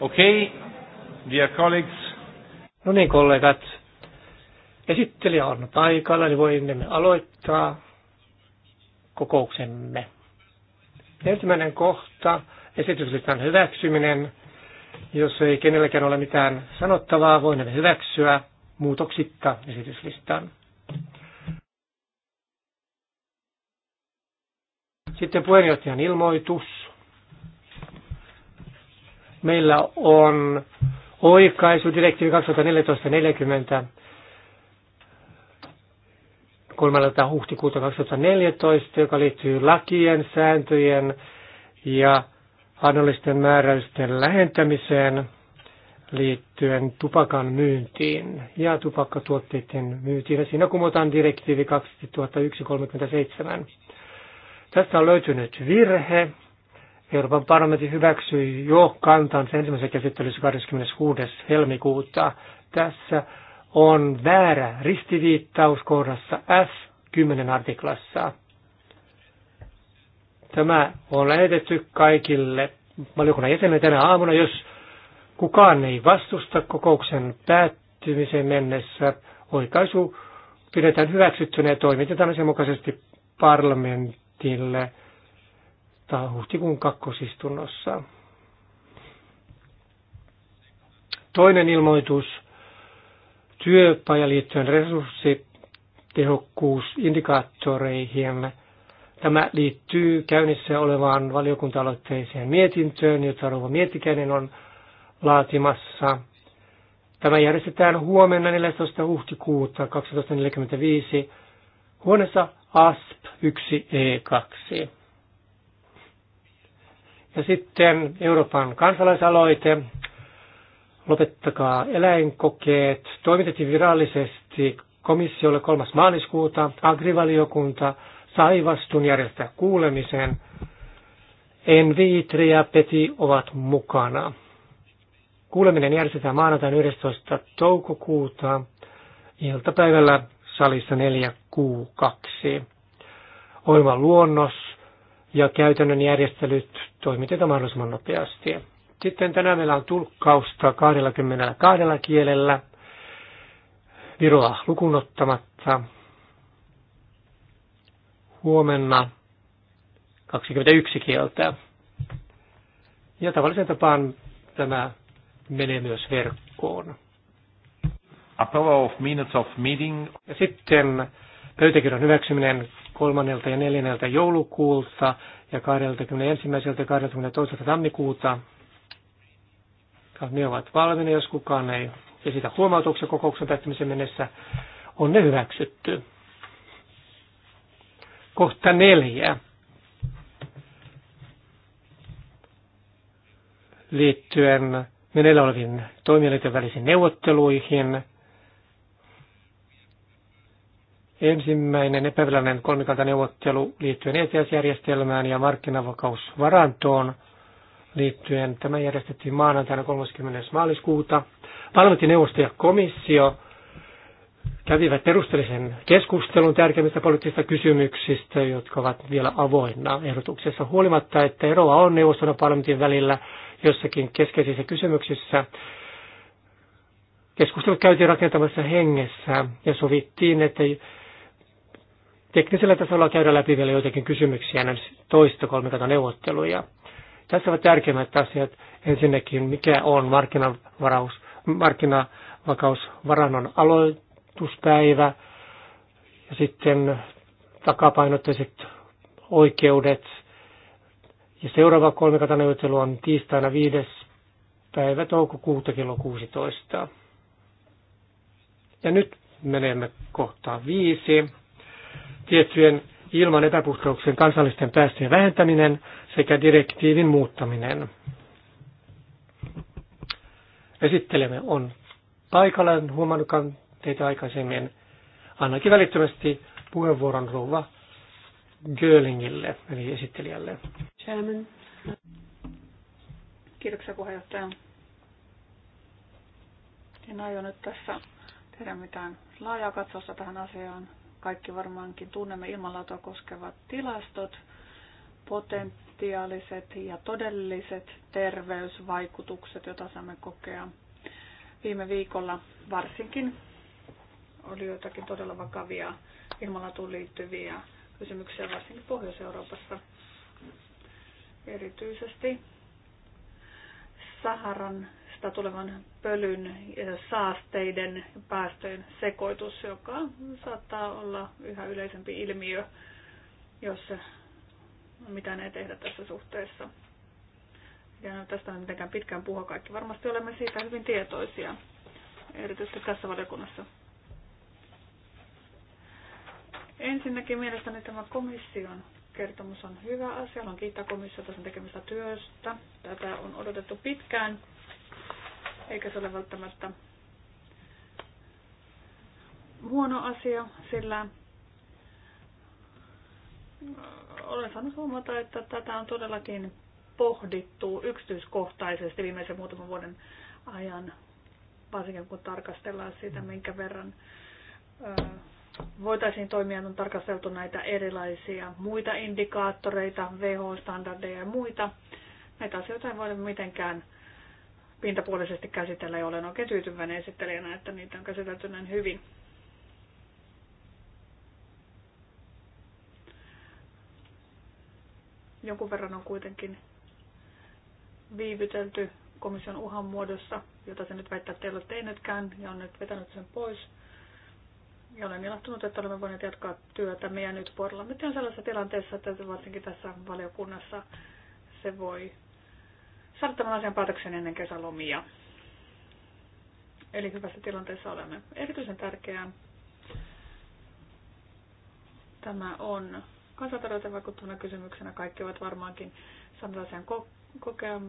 Okei, okay, dear colleagues. No niin, kollegat. Esittelijä on paikalla, niin voimme aloittaa kokouksemme. Ensimmäinen kohta, esityslistan hyväksyminen. Jos ei kenelläkään ole mitään sanottavaa, voimme hyväksyä muutoksitta esityslistan. Sitten puheenjohtajan ilmoitus. Meillä on direktiivi 2014-40 3. huhtikuuta 2014, joka liittyy lakien, sääntöjen ja annollisten määräysten lähentämiseen liittyen tupakan myyntiin ja tupakkatuotteiden myyntiin. Ja siinä kumotaan direktiivi 2001-37. Tästä on löytynyt virhe Euroopan parlamentti hyväksyi jo kantansa ensimmäisessä käsittelyssä 26. helmikuuta. Tässä on väärä ristiviittaus kohdassa F10 artiklassa. Tämä on lähetetty kaikille valiokunnan jäsenille tänä aamuna. Jos kukaan ei vastusta kokouksen päättymiseen mennessä, oikaisu pidetään hyväksyttyneen ja toimitetaan sen mukaisesti parlamentille – kohtaa huhtikuun kakkosistunnossa. Toinen ilmoitus työpajaliittojen resurssitehokkuusindikaattoreihin. Tämä liittyy käynnissä olevaan valiokunta-aloitteiseen mietintöön, jota Rova Miettikäinen on laatimassa. Tämä järjestetään huomenna 14. huhtikuuta 2045 huoneessa ASP 1E2. Ja sitten Euroopan kansalaisaloite, lopettakaa eläinkokeet, toimitettiin virallisesti komissiolle 3. maaliskuuta. Agrivaliokunta sai vastuun järjestää kuulemisen. Envi, ja Peti ovat mukana. Kuuleminen järjestetään maanantaina 11. toukokuuta iltapäivällä salissa 4 q Ohjelman luonnos ja käytännön järjestelyt toimitetaan mahdollisimman nopeasti. Sitten tänään meillä on tulkkausta 22 kielellä, Viroa lukunottamatta. Huomenna 21 kieltä. Ja tavallisen tapaan tämä menee myös verkkoon. of minutes of meeting. Ja sitten pöytäkirjan hyväksyminen kolmannelta ja neljänneltä joulukuulta ja 21. ja 22. tammikuuta. Ne ovat valmiina, jos kukaan ei esitä huomautuksen kokouksen päättymisen mennessä. On ne hyväksytty. Kohta neljä. Liittyen meneillä oleviin toimielinten välisiin neuvotteluihin – Ensimmäinen epävirallinen neuvottelu liittyen ETS-järjestelmään ja markkinavakausvarantoon liittyen. Tämä järjestettiin maanantaina 30. maaliskuuta. Parlamentineuvosto ja komissio kävivät perusteellisen keskustelun tärkeimmistä poliittisista kysymyksistä, jotka ovat vielä avoinna ehdotuksessa. Huolimatta, että eroa on neuvoston ja parlamentin välillä jossakin keskeisissä kysymyksissä, keskustelut käytiin rakentamassa hengessä ja sovittiin, että Teknisellä tasolla käydään läpi vielä joitakin kysymyksiä ennen toista kolmikantaneuvotteluja. Tässä ovat tärkeimmät asiat. Ensinnäkin, mikä on markkinavaraus, markkinavakausvarannon aloituspäivä ja sitten takapainotteiset oikeudet. Ja seuraava kolmikantaneuvottelu on tiistaina 5. päivä toukokuuta kello 16. Ja nyt menemme kohtaan viisi tiettyjen ilman epäpuhtauksen kansallisten päästöjen vähentäminen sekä direktiivin muuttaminen. Esittelemme on paikalla, en huomannutkaan teitä aikaisemmin. Annakin välittömästi puheenvuoron rouva Gölingille eli esittelijälle. Chairman. Kiitoksia puheenjohtaja. En aio nyt tässä tehdä mitään laajaa katsossa tähän asiaan kaikki varmaankin tunnemme ilmanlaatua koskevat tilastot, potentiaaliset ja todelliset terveysvaikutukset, joita saamme kokea. Viime viikolla varsinkin oli joitakin todella vakavia ilmanlaatuun liittyviä kysymyksiä varsinkin Pohjois-Euroopassa. Erityisesti Saharan sitä tulevan pölyn, eh, saasteiden päästöjen sekoitus, joka saattaa olla yhä yleisempi ilmiö, jos mitään ei tehdä tässä suhteessa. Ja no, tästä on mitenkään pitkään puhua kaikki. Varmasti olemme siitä hyvin tietoisia, erityisesti tässä valiokunnassa. Ensinnäkin mielestäni tämä komission kertomus on hyvä asia. Haluan kiittää komissiota sen tekemästä työstä. Tätä on odotettu pitkään eikä se ole välttämättä huono asia, sillä äh, olen saanut huomata, että tätä on todellakin pohdittu yksityiskohtaisesti viimeisen muutaman vuoden ajan, varsinkin kun tarkastellaan sitä, mm. minkä verran äh, voitaisiin toimia, on tarkasteltu näitä erilaisia muita indikaattoreita, WHO-standardeja ja muita. Näitä asioita ei voida mitenkään pintapuolisesti käsitellä ja olen oikein tyytyväinen esittelijänä, että niitä on käsitelty näin hyvin. Jonkun verran on kuitenkin viivytelty komission uhan muodossa, jota se nyt väittää, että ei ole tehnytkään ja on nyt vetänyt sen pois. Ja olen ilahtunut, että olemme voineet jatkaa työtä meidän nyt Nyt on sellaisessa tilanteessa, että varsinkin tässä valiokunnassa se voi saada tämän asian päätöksen ennen kesälomia. Eli hyvässä tilanteessa olemme. Erityisen tärkeää tämä on kansantalouteen vaikuttavana kysymyksenä. Kaikki ovat varmaankin samanlaisen kokea,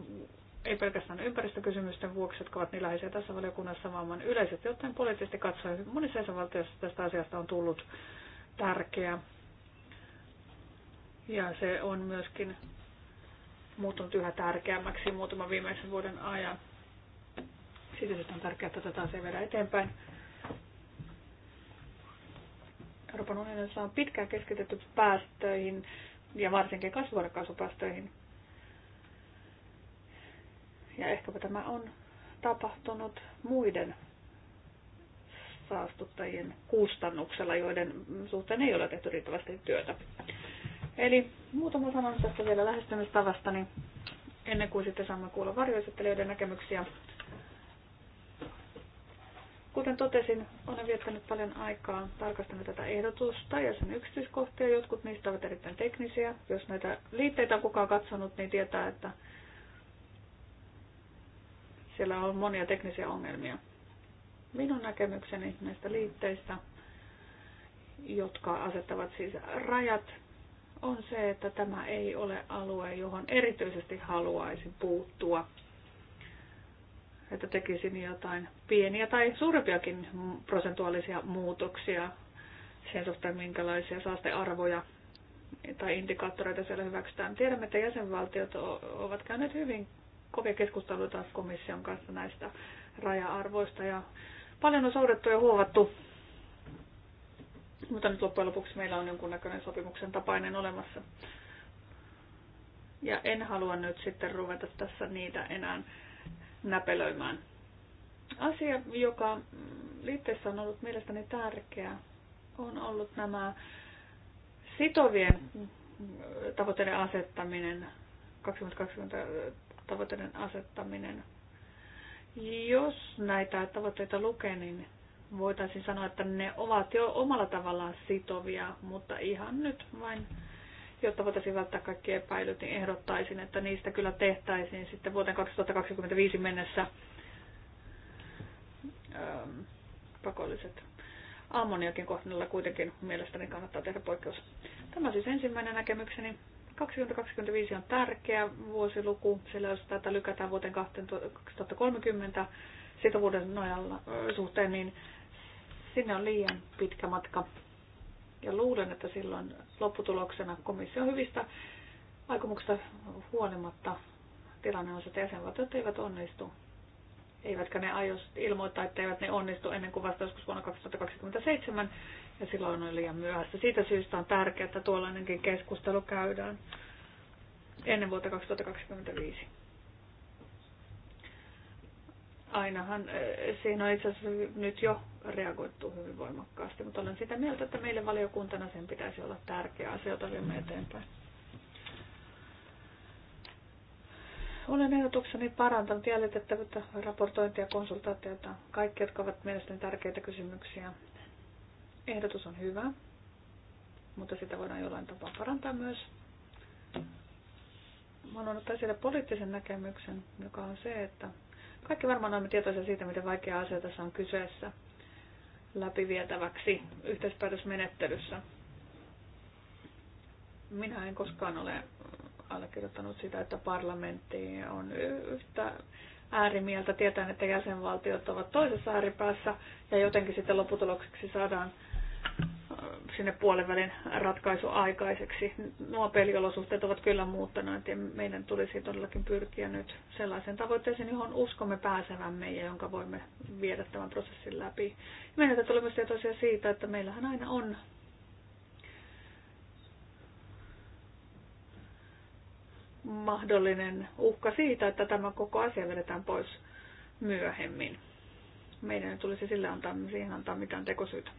ei pelkästään ympäristökysymysten vuoksi, jotka ovat niin läheisiä tässä valiokunnassa, vaan yleisesti ottaen poliittisesti katsoen. Monissa jäsenvaltioissa tästä asiasta on tullut tärkeä. Ja se on myöskin muuttunut yhä tärkeämmäksi muutaman viimeisen vuoden ajan. Siitä syystä on tärkeää, että tätä asiaa viedään eteenpäin. Euroopan unionissa on pitkään keskitetty päästöihin ja varsinkin kasvuhuonekaasupäästöihin. Ja ehkäpä tämä on tapahtunut muiden saastuttajien kustannuksella, joiden suhteen ei ole tehty riittävästi työtä. Eli muutama sana tästä vielä lähestymistavasta, niin ennen kuin sitten saamme kuulla varjoisettelijoiden näkemyksiä. Kuten totesin, olen viettänyt paljon aikaa tarkastanut tätä ehdotusta ja sen yksityiskohtia. Jotkut niistä ovat erittäin teknisiä. Jos näitä liitteitä on kukaan katsonut, niin tietää, että siellä on monia teknisiä ongelmia. Minun näkemykseni näistä liitteistä, jotka asettavat siis rajat on se, että tämä ei ole alue, johon erityisesti haluaisin puuttua. Että tekisin jotain pieniä tai suurempiakin prosentuaalisia muutoksia sen suhteen, minkälaisia saastearvoja tai indikaattoreita siellä hyväksytään. Tiedämme, että jäsenvaltiot ovat käyneet hyvin kovia keskusteluita komission kanssa näistä raja-arvoista ja paljon on soudettu ja huovattu mutta nyt loppujen lopuksi meillä on jonkunnäköinen sopimuksen tapainen olemassa. Ja en halua nyt sitten ruveta tässä niitä enää näpelöimään. Asia, joka liitteessä on ollut mielestäni tärkeä, on ollut nämä sitovien tavoitteiden asettaminen, 2020 tavoitteiden asettaminen. Jos näitä tavoitteita lukee, niin voitaisiin sanoa, että ne ovat jo omalla tavallaan sitovia, mutta ihan nyt vain, jotta voitaisiin välttää kaikki epäilyt, niin ehdottaisin, että niistä kyllä tehtäisiin sitten vuoteen 2025 mennessä ähm, pakolliset. Ammoniakin kohdalla kuitenkin mielestäni kannattaa tehdä poikkeus. Tämä on siis ensimmäinen näkemykseni. 2025 on tärkeä vuosiluku, sillä jos tätä lykätään vuoteen 2030 sitovuuden nojalla, suhteen, niin Sinne on liian pitkä matka. Ja luulen, että silloin lopputuloksena komission hyvistä aikomuksista huolimatta tilanne on se, että jäsenvaltiot eivät onnistu. Eivätkä ne aio ilmoittaa, että eivät ne onnistu ennen kuin vasta joskus vuonna 2027, ja silloin on liian myöhäistä. Siitä syystä on tärkeää, että tuollainenkin keskustelu käydään ennen vuotta 2025 ainahan eh, siinä on itse asiassa nyt jo reagoittu hyvin voimakkaasti, mutta olen sitä mieltä, että meille valiokuntana sen pitäisi olla tärkeä asia, jota viemme eteenpäin. Olen ehdotukseni parantanut jäljitettävyyttä, raportointia ja konsultaatiota, kaikki, jotka ovat mielestäni tärkeitä kysymyksiä. Ehdotus on hyvä, mutta sitä voidaan jollain tapaa parantaa myös. olen ottanut esille poliittisen näkemyksen, joka on se, että kaikki varmaan olemme tietoisia siitä, miten vaikea asia tässä on kyseessä läpivietäväksi yhteispäätösmenettelyssä. Minä en koskaan ole allekirjoittanut sitä, että parlamentti on yhtä äärimieltä tietäen, että jäsenvaltiot ovat toisessa ääripäässä ja jotenkin sitten lopputulokseksi saadaan sinne puolen ratkaisu aikaiseksi. Nuo peliolosuhteet ovat kyllä muuttaneet ja meidän tulisi todellakin pyrkiä nyt sellaiseen tavoitteeseen, johon uskomme pääsevämme ja jonka voimme viedä tämän prosessin läpi. meidän täytyy olla myös tietoisia siitä, että meillähän aina on mahdollinen uhka siitä, että tämä koko asia vedetään pois myöhemmin. Meidän tulisi sille antaa, siihen antaa mitään tekosyytä.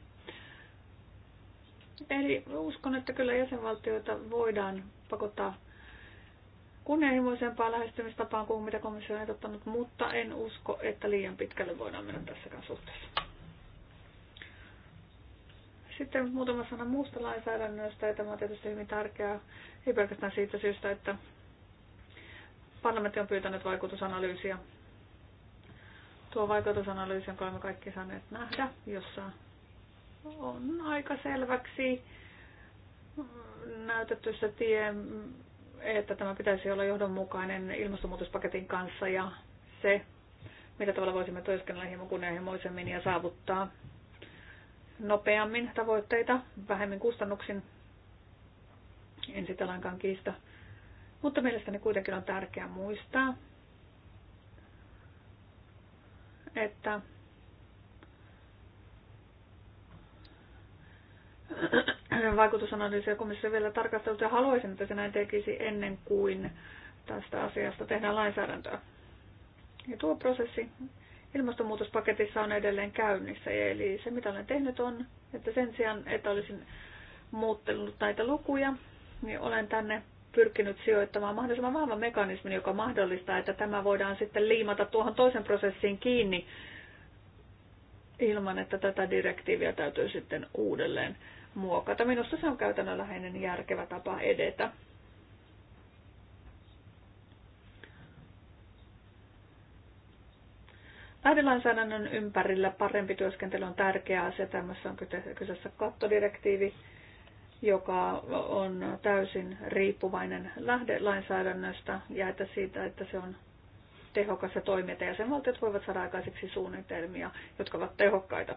Eli uskon, että kyllä jäsenvaltioita voidaan pakottaa kunnianhimoisempaan lähestymistapaan kuin mitä komissio on ehdottanut, mutta en usko, että liian pitkälle voidaan mennä tässäkään suhteessa. Sitten muutama sana muusta lainsäädännöstä, ja tämä on tietysti hyvin tärkeää, ei pelkästään siitä syystä, että parlamentti on pyytänyt vaikutusanalyysiä. Tuo vaikutusanalyysi, jonka olemme kaikki saaneet nähdä, jossa on aika selväksi näytetty se tie, että tämä pitäisi olla johdonmukainen ilmastonmuutospaketin kanssa ja se, mitä tavalla voisimme työskennellä hieman kunnianhimoisemmin ja saavuttaa nopeammin tavoitteita, vähemmin kustannuksin. En sitä lainkaan kiistä. Mutta mielestäni kuitenkin on tärkeää muistaa, että vaikutusanalyysiä komissio vielä tarkastellut ja haluaisin, että se näin tekisi ennen kuin tästä asiasta tehdään lainsäädäntöä. Ja tuo prosessi ilmastonmuutospaketissa on edelleen käynnissä. Eli se, mitä olen tehnyt, on, että sen sijaan, että olisin muuttelut näitä lukuja, niin olen tänne pyrkinyt sijoittamaan mahdollisimman vahvan mekanismin, joka mahdollistaa, että tämä voidaan sitten liimata tuohon toisen prosessiin kiinni ilman, että tätä direktiiviä täytyy sitten uudelleen muokata. Minusta se on käytännönläheinen järkevä tapa edetä. Lähdelainsäädännön ympärillä parempi työskentely on tärkeä asia. Tämässä on kyseessä kattodirektiivi, joka on täysin riippuvainen lähdelainsäädännöstä ja että siitä, että se on tehokas ja toimijat ja jäsenvaltiot voivat saada aikaiseksi suunnitelmia, jotka ovat tehokkaita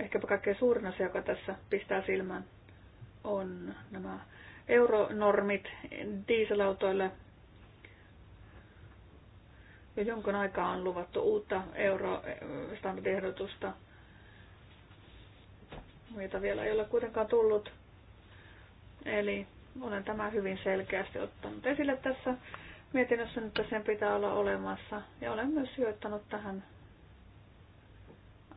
ehkäpä kaikkein suurin asia, joka tässä pistää silmään, on nämä euronormit dieselautoille. Jo jonkun aikaa on luvattu uutta eurostandardiehdotusta, jota vielä ei ole kuitenkaan tullut. Eli olen tämä hyvin selkeästi ottanut esille tässä mietinnössä, että sen pitää olla olemassa. Ja olen myös sijoittanut tähän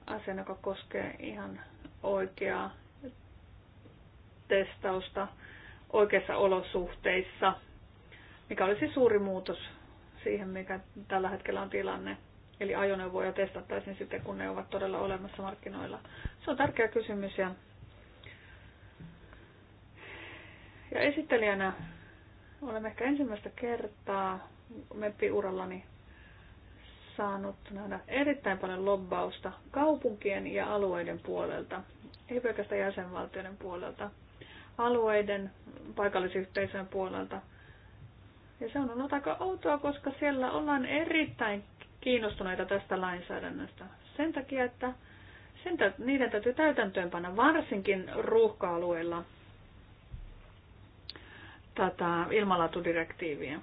asian, joka koskee ihan oikeaa testausta oikeissa olosuhteissa, mikä olisi suuri muutos siihen, mikä tällä hetkellä on tilanne. Eli ajoneuvoja testattaisiin sitten, kun ne ovat todella olemassa markkinoilla. Se on tärkeä kysymys ja, ja esittelijänä olemme ehkä ensimmäistä kertaa meppiurallani saanut nähdä erittäin paljon lobbausta kaupunkien ja alueiden puolelta, ei pelkästään jäsenvaltioiden puolelta, alueiden, paikallisyhteisön puolelta. Ja se on ollut aika outoa, koska siellä ollaan erittäin kiinnostuneita tästä lainsäädännöstä. Sen takia, että sen tä- niiden täytyy täytäntöönpanna varsinkin ruuhka-alueilla tätä ilmalaatudirektiiviä.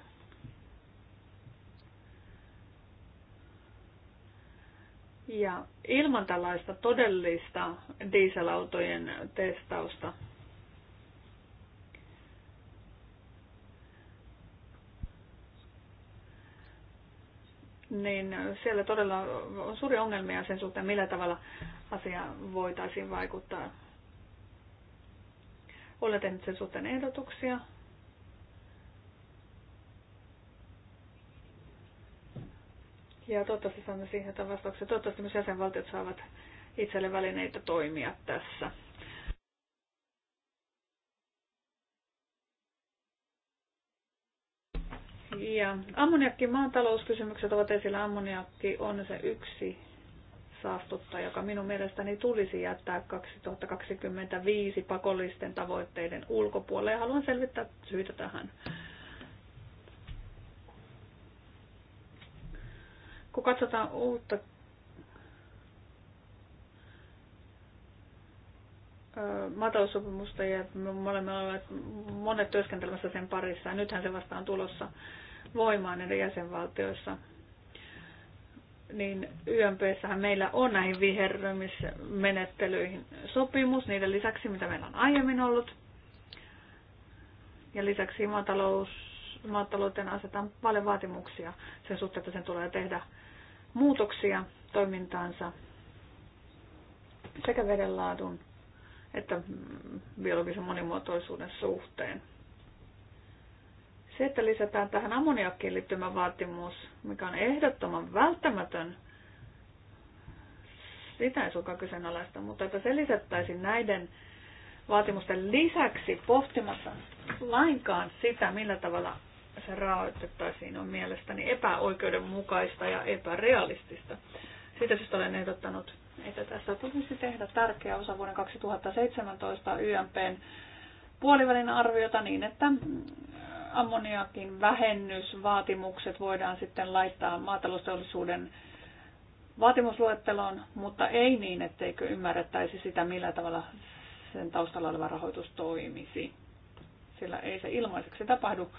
Ja ilman tällaista todellista dieselautojen testausta niin siellä todella on suuri ongelmia sen suhteen, millä tavalla asia voitaisiin vaikuttaa. Olen tehnyt sen suhteen ehdotuksia Ja toivottavasti saamme siihen jotain vastauksia. Toivottavasti myös jäsenvaltiot saavat itselle välineitä toimia tässä. Ja ammoniakki maatalouskysymykset ovat esillä. Ammoniakki on se yksi saastuttaja, joka minun mielestäni tulisi jättää 2025 pakollisten tavoitteiden ulkopuolelle. haluan selvittää syitä tähän. Kun katsotaan uutta mataussopimusta ja me olemme olleet monet työskentelemässä sen parissa ja nythän se vastaan tulossa voimaan eri jäsenvaltioissa. Niin YMPssähän meillä on näihin viherrymismenettelyihin sopimus niiden lisäksi, mitä meillä on aiemmin ollut. Ja lisäksi maatalous, maatalouteen asetetaan paljon vaatimuksia sen suhteen, että sen tulee tehdä muutoksia toimintaansa sekä vedenlaadun että biologisen monimuotoisuuden suhteen. Se, että lisätään tähän ammoniakkiin liittymä vaatimus, mikä on ehdottoman välttämätön, sitä ei suinkaan kyseenalaista, mutta että se lisättäisiin näiden vaatimusten lisäksi pohtimatta lainkaan sitä, millä tavalla tässä rahoitettaisiin on mielestäni epäoikeudenmukaista ja epärealistista. Siitä syystä olen ehdottanut, että tässä tulisi tehdä tärkeä osa vuoden 2017 YMPn puolivälin arviota niin, että ammoniakin vähennysvaatimukset voidaan sitten laittaa maatalousteollisuuden vaatimusluetteloon, mutta ei niin, etteikö ymmärrettäisi sitä, millä tavalla sen taustalla oleva rahoitus toimisi. Sillä ei se ilmaiseksi tapahdu,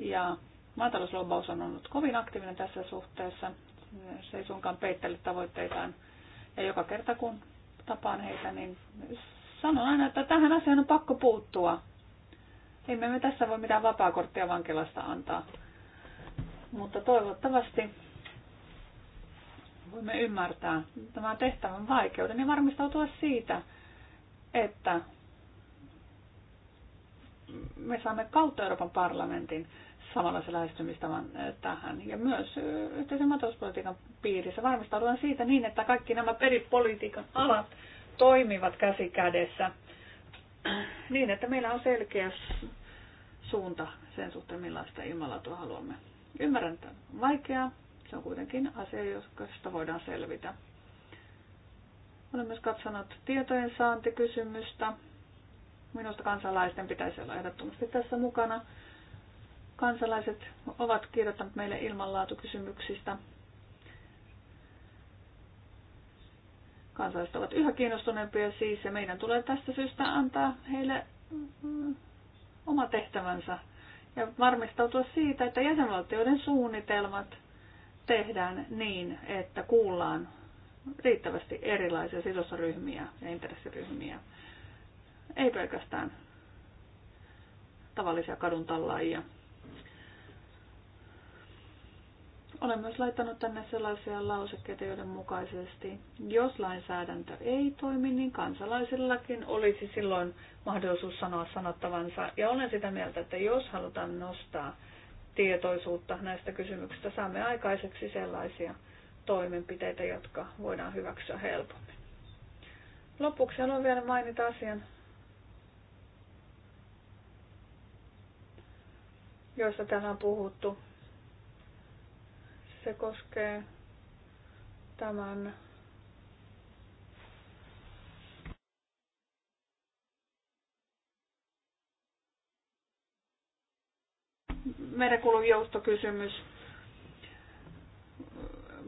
ja maatalouslobbaus on ollut kovin aktiivinen tässä suhteessa. Se ei suinkaan peittele tavoitteitaan. Ja joka kerta kun tapaan heitä, niin sanon aina, että tähän asiaan on pakko puuttua. Emme me tässä voi mitään vapaakorttia vankilasta antaa. Mutta toivottavasti voimme ymmärtää tämän tehtävän vaikeuden ja varmistautua siitä, että me saamme kautta Euroopan parlamentin samanlaisen lähestymistavan eh, tähän. Ja myös eh, yhteisen maatalouspolitiikan piirissä varmistaudutaan siitä niin, että kaikki nämä peripolitiikan alat toimivat käsi kädessä niin, että meillä on selkeä suunta sen suhteen, millaista ilmanlaatua haluamme. Ymmärrän, että vaikeaa. Se on kuitenkin asia, josta voidaan selvitä. Olen myös katsonut tietojen saantikysymystä Minusta kansalaisten pitäisi olla ehdottomasti tässä mukana. Kansalaiset ovat kirjoittaneet meille ilmanlaatukysymyksistä. Kansalaiset ovat yhä kiinnostuneempia siis ja meidän tulee tästä syystä antaa heille mm, oma tehtävänsä ja varmistautua siitä, että jäsenvaltioiden suunnitelmat tehdään niin, että kuullaan riittävästi erilaisia sidosryhmiä ja intressiryhmiä ei pelkästään tavallisia kadun tallaajia. Olen myös laittanut tänne sellaisia lausekkeita, joiden mukaisesti, jos lainsäädäntö ei toimi, niin kansalaisillakin olisi silloin mahdollisuus sanoa sanottavansa. Ja olen sitä mieltä, että jos halutaan nostaa tietoisuutta näistä kysymyksistä, saamme aikaiseksi sellaisia toimenpiteitä, jotka voidaan hyväksyä helpommin. Lopuksi haluan vielä mainita asian, joista täällä on puhuttu. Se koskee tämän merenkulun joustokysymys.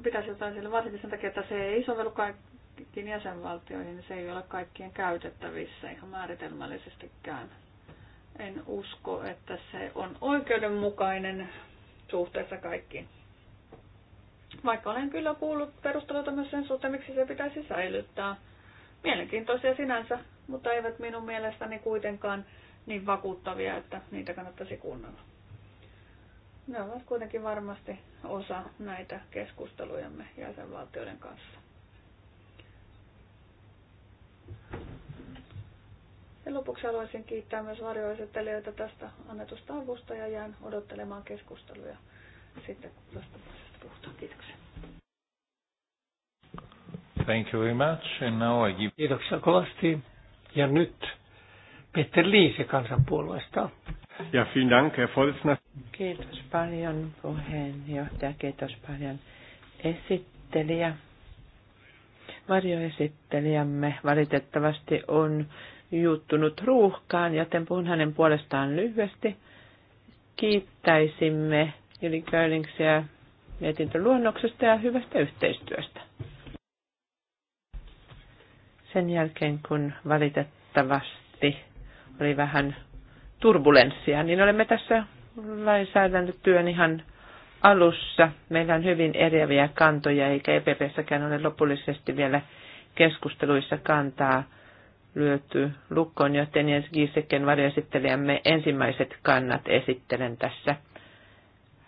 Pitäisi jotain sille, varsinkin sen takia, että se ei sovellu kaikkiin jäsenvaltioihin, niin se ei ole kaikkien käytettävissä ihan määritelmällisestikään. En usko, että se on oikeudenmukainen suhteessa kaikkiin. Vaikka olen kyllä kuullut perusteluita myös sen suhteen, miksi se pitäisi säilyttää. Mielenkiintoisia sinänsä, mutta eivät minun mielestäni kuitenkaan niin vakuuttavia, että niitä kannattaisi kuunnella. Ne ovat kuitenkin varmasti osa näitä keskustelujamme jäsenvaltioiden kanssa. Ja lopuksi haluaisin kiittää myös varjoesittelijöitä tästä annetusta avusta ja jään odottelemaan keskusteluja sitten vastaamisesta puhutaan. Kiitoksia. Thank you very much. And now I give... Kiitoksia kovasti. Ja nyt Peter Liise kansanpuolueesta. Ja vielen dank, Herr Volzner. Kiitos paljon puheenjohtaja, kiitos paljon esittelijä. Varjoesittelijämme valitettavasti on juuttunut ruuhkaan, joten puhun hänen puolestaan lyhyesti. Kiittäisimme Jyli Görlingsiä mietintöluonnoksesta ja hyvästä yhteistyöstä. Sen jälkeen, kun valitettavasti oli vähän turbulenssia, niin olemme tässä lainsäädäntötyön ihan alussa. Meillä on hyvin eriäviä kantoja, eikä EPPssäkään ole lopullisesti vielä keskusteluissa kantaa – lyöty lukkoon, joten Jens Giesecken varjoesittelijämme ensimmäiset kannat esittelen tässä.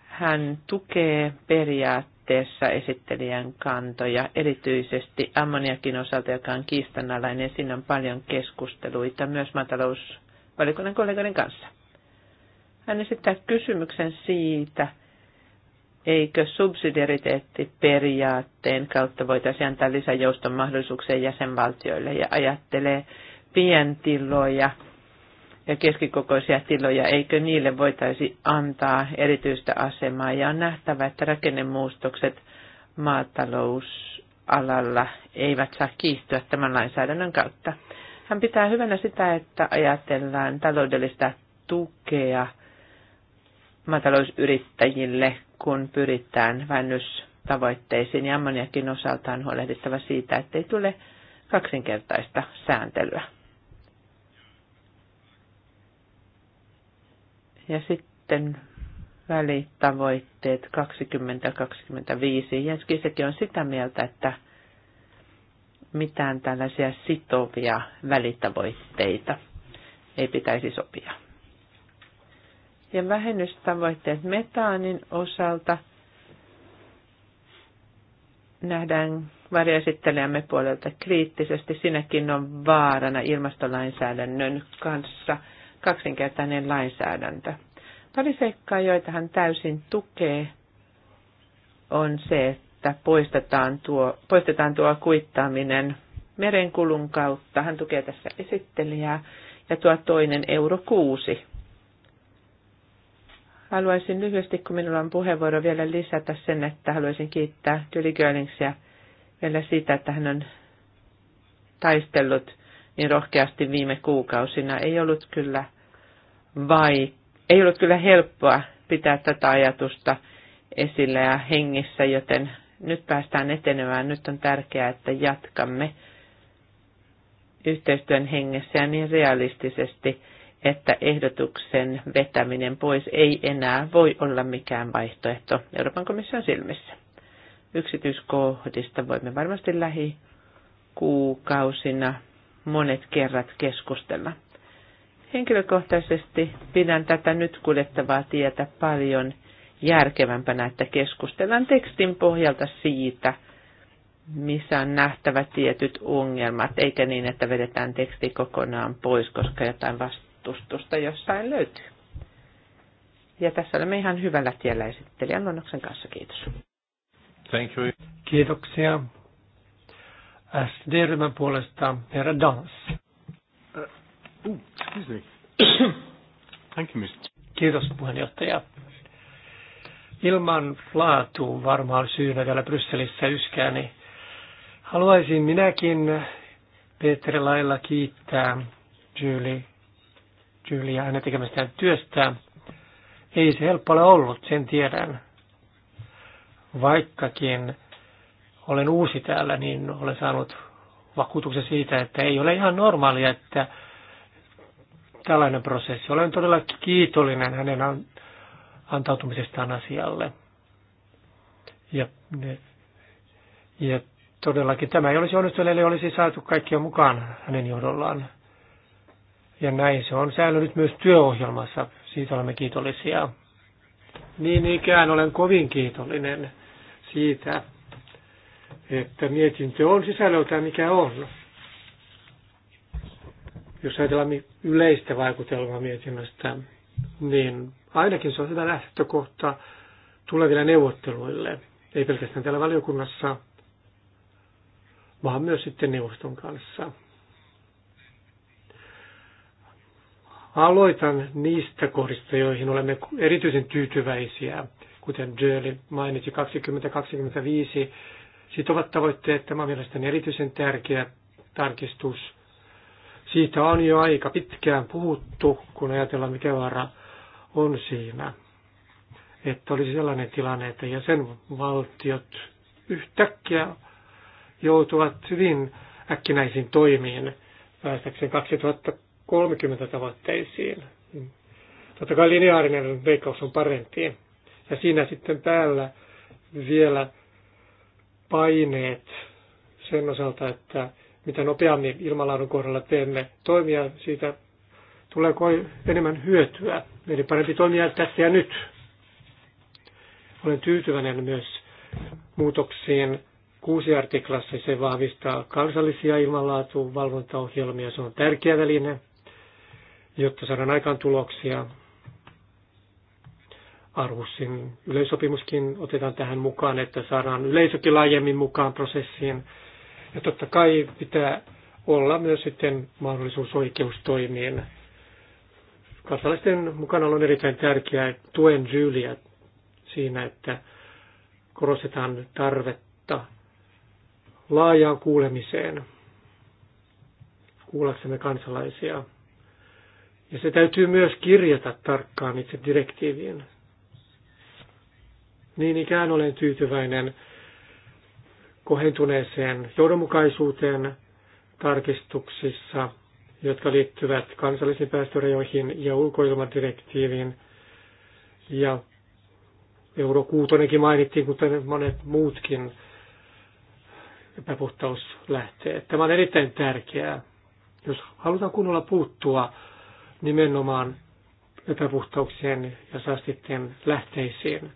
Hän tukee periaatteessa esittelijän kantoja, erityisesti ammoniakin osalta, joka on kiistanalainen. Siinä on paljon keskusteluita myös maatalousvalikunnan kollegoiden kanssa. Hän esittää kysymyksen siitä, eikö subsidiariteettiperiaatteen kautta voitaisiin antaa lisäjouston mahdollisuuksia jäsenvaltioille ja ajattelee pientiloja ja keskikokoisia tiloja, eikö niille voitaisi antaa erityistä asemaa ja on nähtävä, että rakennemuutokset maatalousalalla eivät saa kiihtyä tämän lainsäädännön kautta. Hän pitää hyvänä sitä, että ajatellaan taloudellista tukea maatalousyrittäjille kun pyritään vähennystavoitteisiin ja ammoniakin osalta on huolehdittava siitä, ettei tule kaksinkertaista sääntelyä. Ja sitten välitavoitteet 2025. Jens sekin on sitä mieltä, että mitään tällaisia sitovia välitavoitteita ei pitäisi sopia ja vähennystavoitteet metaanin osalta nähdään varjoesittelijämme puolelta kriittisesti. Sinäkin on vaarana ilmastolainsäädännön kanssa kaksinkertainen lainsäädäntö. Pari seikkaa, joita hän täysin tukee, on se, että poistetaan tuo, poistetaan tuo kuittaaminen merenkulun kautta. Hän tukee tässä esittelijää. Ja tuo toinen euro kuusi Haluaisin lyhyesti, kun minulla on puheenvuoro, vielä lisätä sen, että haluaisin kiittää Julie Görlingsia vielä siitä, että hän on taistellut niin rohkeasti viime kuukausina. Ei ollut kyllä vai, ei ollut kyllä helppoa pitää tätä ajatusta esillä ja hengissä, joten nyt päästään etenemään. Nyt on tärkeää, että jatkamme yhteistyön hengessä ja niin realistisesti että ehdotuksen vetäminen pois ei enää voi olla mikään vaihtoehto Euroopan komission silmissä. Yksityiskohdista voimme varmasti lähi kuukausina monet kerrat keskustella. Henkilökohtaisesti pidän tätä nyt kuljettavaa tietä paljon järkevämpänä, että keskustellaan tekstin pohjalta siitä, missä on nähtävä tietyt ongelmat, eikä niin, että vedetään teksti kokonaan pois, koska jotain vastaan vastustusta jossain löytyy. Ja tässä olemme ihan hyvällä tiellä esittelijän luonnoksen kanssa. Kiitos. Thank you. Kiitoksia. SD-ryhmän puolesta herra Dans. Uh, excuse me. Thank you, Mr. Kiitos puheenjohtaja. Ilman laatu varmaan syynä täällä Brysselissä niin Haluaisin minäkin Peter Lailla kiittää Julie tyyliä hänen tekemästään työstä, Ei se helppo ole ollut, sen tiedän. Vaikkakin olen uusi täällä, niin olen saanut vakuutuksen siitä, että ei ole ihan normaalia, että tällainen prosessi. Olen todella kiitollinen hänen antautumisestaan asialle. Ja, ja todellakin tämä ei olisi onnistunut, eli olisi saatu kaikkia mukaan hänen johdollaan. Ja näin se on säilynyt myös työohjelmassa. Siitä olemme kiitollisia. Niin ikään olen kovin kiitollinen siitä, että mietintö on sisällöltä mikä on. Jos ajatellaan yleistä vaikutelmaa mietinnöstä, niin ainakin se on hyvä lähtökohta tuleville neuvotteluille, ei pelkästään täällä valiokunnassa, vaan myös sitten neuvoston kanssa. Aloitan niistä kohdista, joihin olemme erityisen tyytyväisiä, kuten Döli mainitsi 2025 sitovat tavoitteet. Tämä on mielestäni erityisen tärkeä tarkistus. Siitä on jo aika pitkään puhuttu, kun ajatellaan mikä vaara on siinä. Että olisi sellainen tilanne, että jäsenvaltiot yhtäkkiä joutuvat hyvin äkkinäisiin toimiin päästäkseen 2000 30 tavoitteisiin. Totta kai lineaarinen veikkaus on parempi. Ja siinä sitten päällä vielä paineet sen osalta, että mitä nopeammin ilmanlaadun kohdalla teemme toimia, siitä tulee enemmän hyötyä. Eli parempi toimia tässä ja nyt. Olen tyytyväinen myös muutoksiin kuusi artiklassa. Se vahvistaa kansallisia ilmanlaatuvalvontaohjelmia. Se on tärkeä väline jotta saadaan aikaan tuloksia. Arhusin yleisopimuskin otetaan tähän mukaan, että saadaan yleisökin laajemmin mukaan prosessiin. Ja totta kai pitää olla myös sitten mahdollisuus oikeustoimiin. Kansalaisten mukana on erittäin tärkeää tuen Julia siinä, että korostetaan tarvetta laajaan kuulemiseen kuullaksemme kansalaisia. Ja se täytyy myös kirjata tarkkaan itse direktiiviin. Niin ikään olen tyytyväinen kohentuneeseen johdonmukaisuuteen tarkistuksissa, jotka liittyvät kansallisiin päästörajoihin ja ulkoilmadirektiiviin. Ja euro kuutonenkin mainittiin, kuten monet muutkin epäpuhtauslähteet. Tämä on erittäin tärkeää. Jos halutaan kunnolla puuttua nimenomaan epäpuhtauksien ja saastitteen lähteisiin.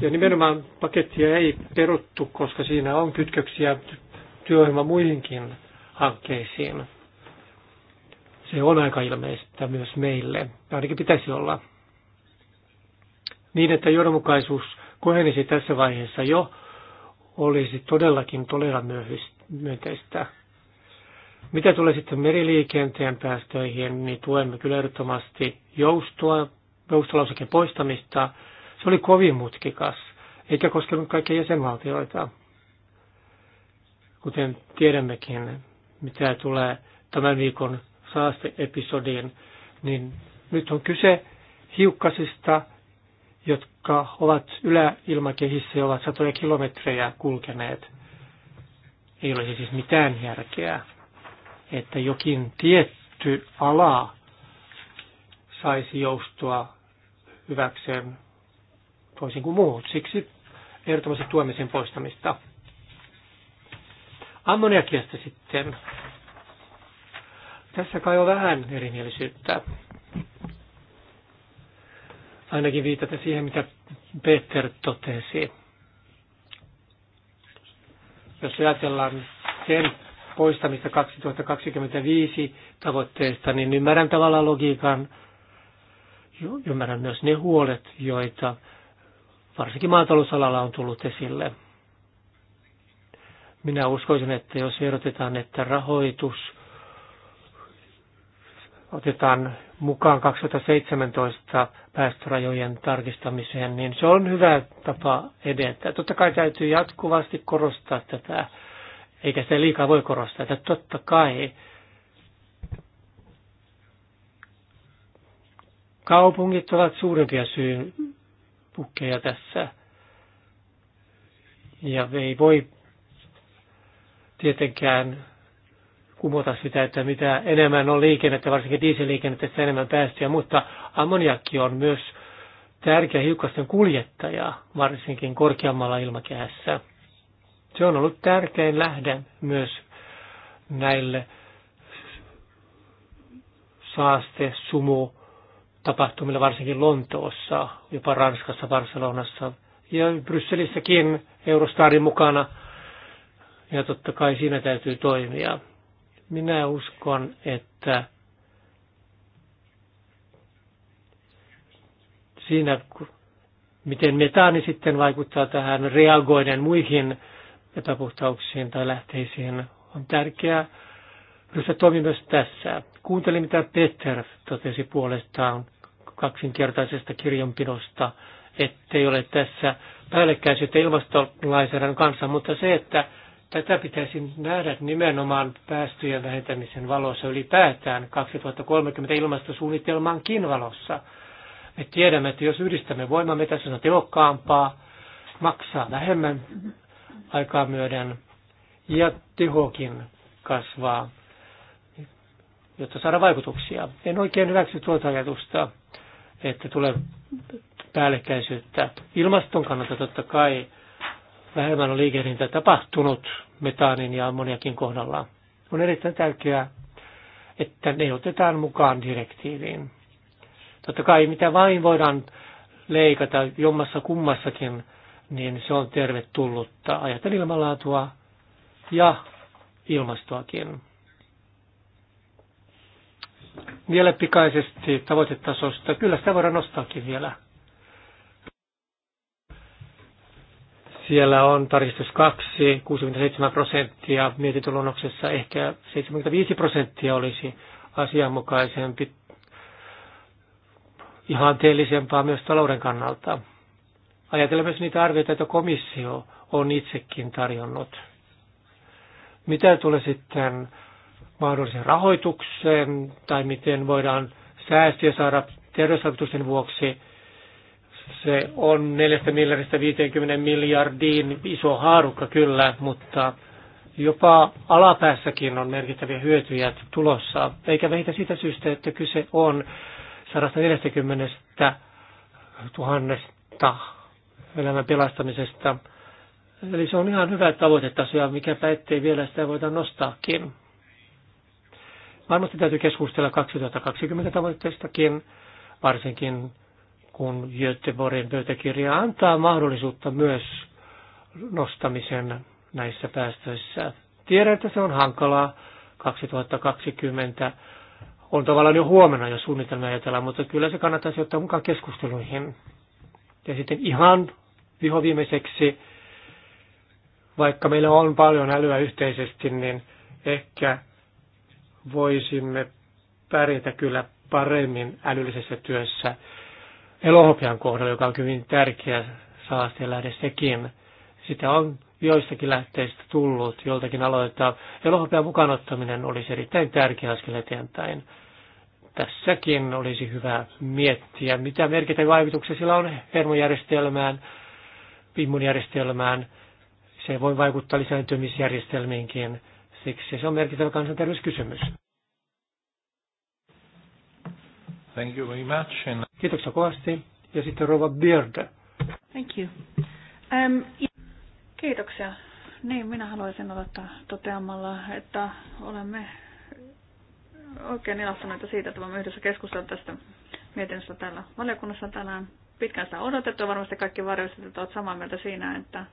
Ja nimenomaan pakettia ei peruttu, koska siinä on kytköksiä työohjelma muihinkin hankkeisiin. Se on aika ilmeistä myös meille, ainakin pitäisi olla. Niin, että johdonmukaisuus kohenisi tässä vaiheessa jo, olisi todellakin todella myönteistä. Mitä tulee sitten meriliikenteen päästöihin, niin tuemme kyllä ehdottomasti joustoa, joustolausekin poistamista. Se oli kovin mutkikas, eikä koskenut kaikkia jäsenvaltioita. Kuten tiedämmekin, mitä tulee tämän viikon saasteepisodiin, niin nyt on kyse hiukkasista, jotka ovat yläilmakehissä ja ovat satoja kilometrejä kulkeneet. Ei ole siis mitään järkeä että jokin tietty ala saisi joustua hyväkseen toisin kuin muut. Siksi ehdottomasti tuemme sen poistamista. Ammoniakiasta sitten. Tässä kai on vähän erimielisyyttä. Ainakin viitata siihen, mitä Peter totesi. Jos ajatellaan sen poistamista 2025 tavoitteesta, niin ymmärrän tavallaan logiikan, ymmärrän myös ne huolet, joita varsinkin maatalousalalla on tullut esille. Minä uskoisin, että jos erotetaan, että rahoitus otetaan mukaan 2017 päästörajojen tarkistamiseen, niin se on hyvä tapa edetä. Totta kai täytyy jatkuvasti korostaa tätä eikä sitä liikaa voi korostaa, että totta kai kaupungit ovat suurimpia syypukkeja tässä. Ja ei voi tietenkään kumota sitä, että mitä enemmän on liikennettä, varsinkin dieseliikennettä, sitä enemmän päästöjä, mutta ammoniakki on myös tärkeä hiukkasten kuljettaja, varsinkin korkeammalla ilmakehässä. Se on ollut tärkein lähde myös näille saaste, sumu tapahtumille, varsinkin Lontoossa, jopa Ranskassa, Barcelonassa ja Brysselissäkin Eurostarin mukana. Ja totta kai siinä täytyy toimia. Minä uskon, että siinä, miten metaani niin sitten vaikuttaa tähän reagoiden muihin epäpuhtauksiin tai lähteisiin, on tärkeää ryhtyä toimia myös tässä. Kuuntelin, mitä Peter totesi puolestaan kaksinkertaisesta kirjanpidosta, ettei ole tässä päällekkäisyyttä ilmastolainsäädännön kanssa, mutta se, että tätä pitäisi nähdä nimenomaan päästöjen vähentämisen valossa ylipäätään 2030 ilmastosuunnitelmankin valossa. Me tiedämme, että jos yhdistämme voimamme, tässä on tehokkaampaa, maksaa vähemmän aikaa myöden ja tehokin kasvaa, jotta saada vaikutuksia. En oikein hyväksy tuota ajatusta, että tulee päällekkäisyyttä. Ilmaston kannalta totta kai vähemmän on liikehdintä tapahtunut metaanin ja ammoniakin kohdalla. On erittäin tärkeää, että ne otetaan mukaan direktiiviin. Totta kai mitä vain voidaan leikata jommassa kummassakin niin se on tervetullutta. Ajatellen ilmanlaatua ja ilmastoakin. Vielä pikaisesti tavoitetasosta. Kyllä sitä voidaan nostaakin vielä. Siellä on tarkistus 2, 67 prosenttia, mietintöluonnoksessa ehkä 75 prosenttia olisi asianmukaisempi, ihanteellisempaa myös talouden kannalta. Ajatellaan myös niitä arvioita, joita komissio on itsekin tarjonnut. Mitä tulee sitten mahdolliseen rahoitukseen tai miten voidaan säästöjä saada terveysvaikutusten vuoksi, se on 4 miljardista 50 miljardiin iso haarukka kyllä, mutta jopa alapäässäkin on merkittäviä hyötyjä tulossa, eikä vähitä sitä syystä, että kyse on 140 000 elämän pelastamisesta. Eli se on ihan hyvä tavoitetaso ja mikäpä ettei vielä sitä voida nostaakin. Varmasti täytyy keskustella 2020 tavoitteistakin, varsinkin kun Göteborgin pöytäkirja antaa mahdollisuutta myös nostamisen näissä päästöissä. Tiedän, että se on hankalaa. 2020 on tavallaan jo huomenna, jo suunnitelmia ajatella, mutta kyllä se kannattaisi ottaa mukaan keskusteluihin. Ja sitten ihan vihoviimeiseksi, vaikka meillä on paljon älyä yhteisesti, niin ehkä voisimme pärjätä kyllä paremmin älyllisessä työssä elohopean kohdalla, joka on hyvin tärkeä lähde sekin. Sitä on joistakin lähteistä tullut, joltakin aloittaa. Elohopean mukaanottaminen olisi erittäin tärkeä askel eteenpäin. Tässäkin olisi hyvä miettiä, mitä merkittäviä vaikutuksia sillä on hermojärjestelmään, immunijärjestelmään. Se voi vaikuttaa lisääntymisjärjestelmiinkin. Siksi se on merkittävä kansanterveyskysymys. Thank you very much. And... Kiitoksia kovasti. Ja sitten Rova Beard. Thank you. Um, kiitoksia. Niin, minä haluaisin aloittaa toteamalla, että olemme oikein ilahtuneita siitä, että voimme yhdessä keskustella tästä mietinnöstä täällä valiokunnassa tänään pitkään sitä odotettu. Varmasti kaikki varjoiset ovat samaa mieltä siinä, että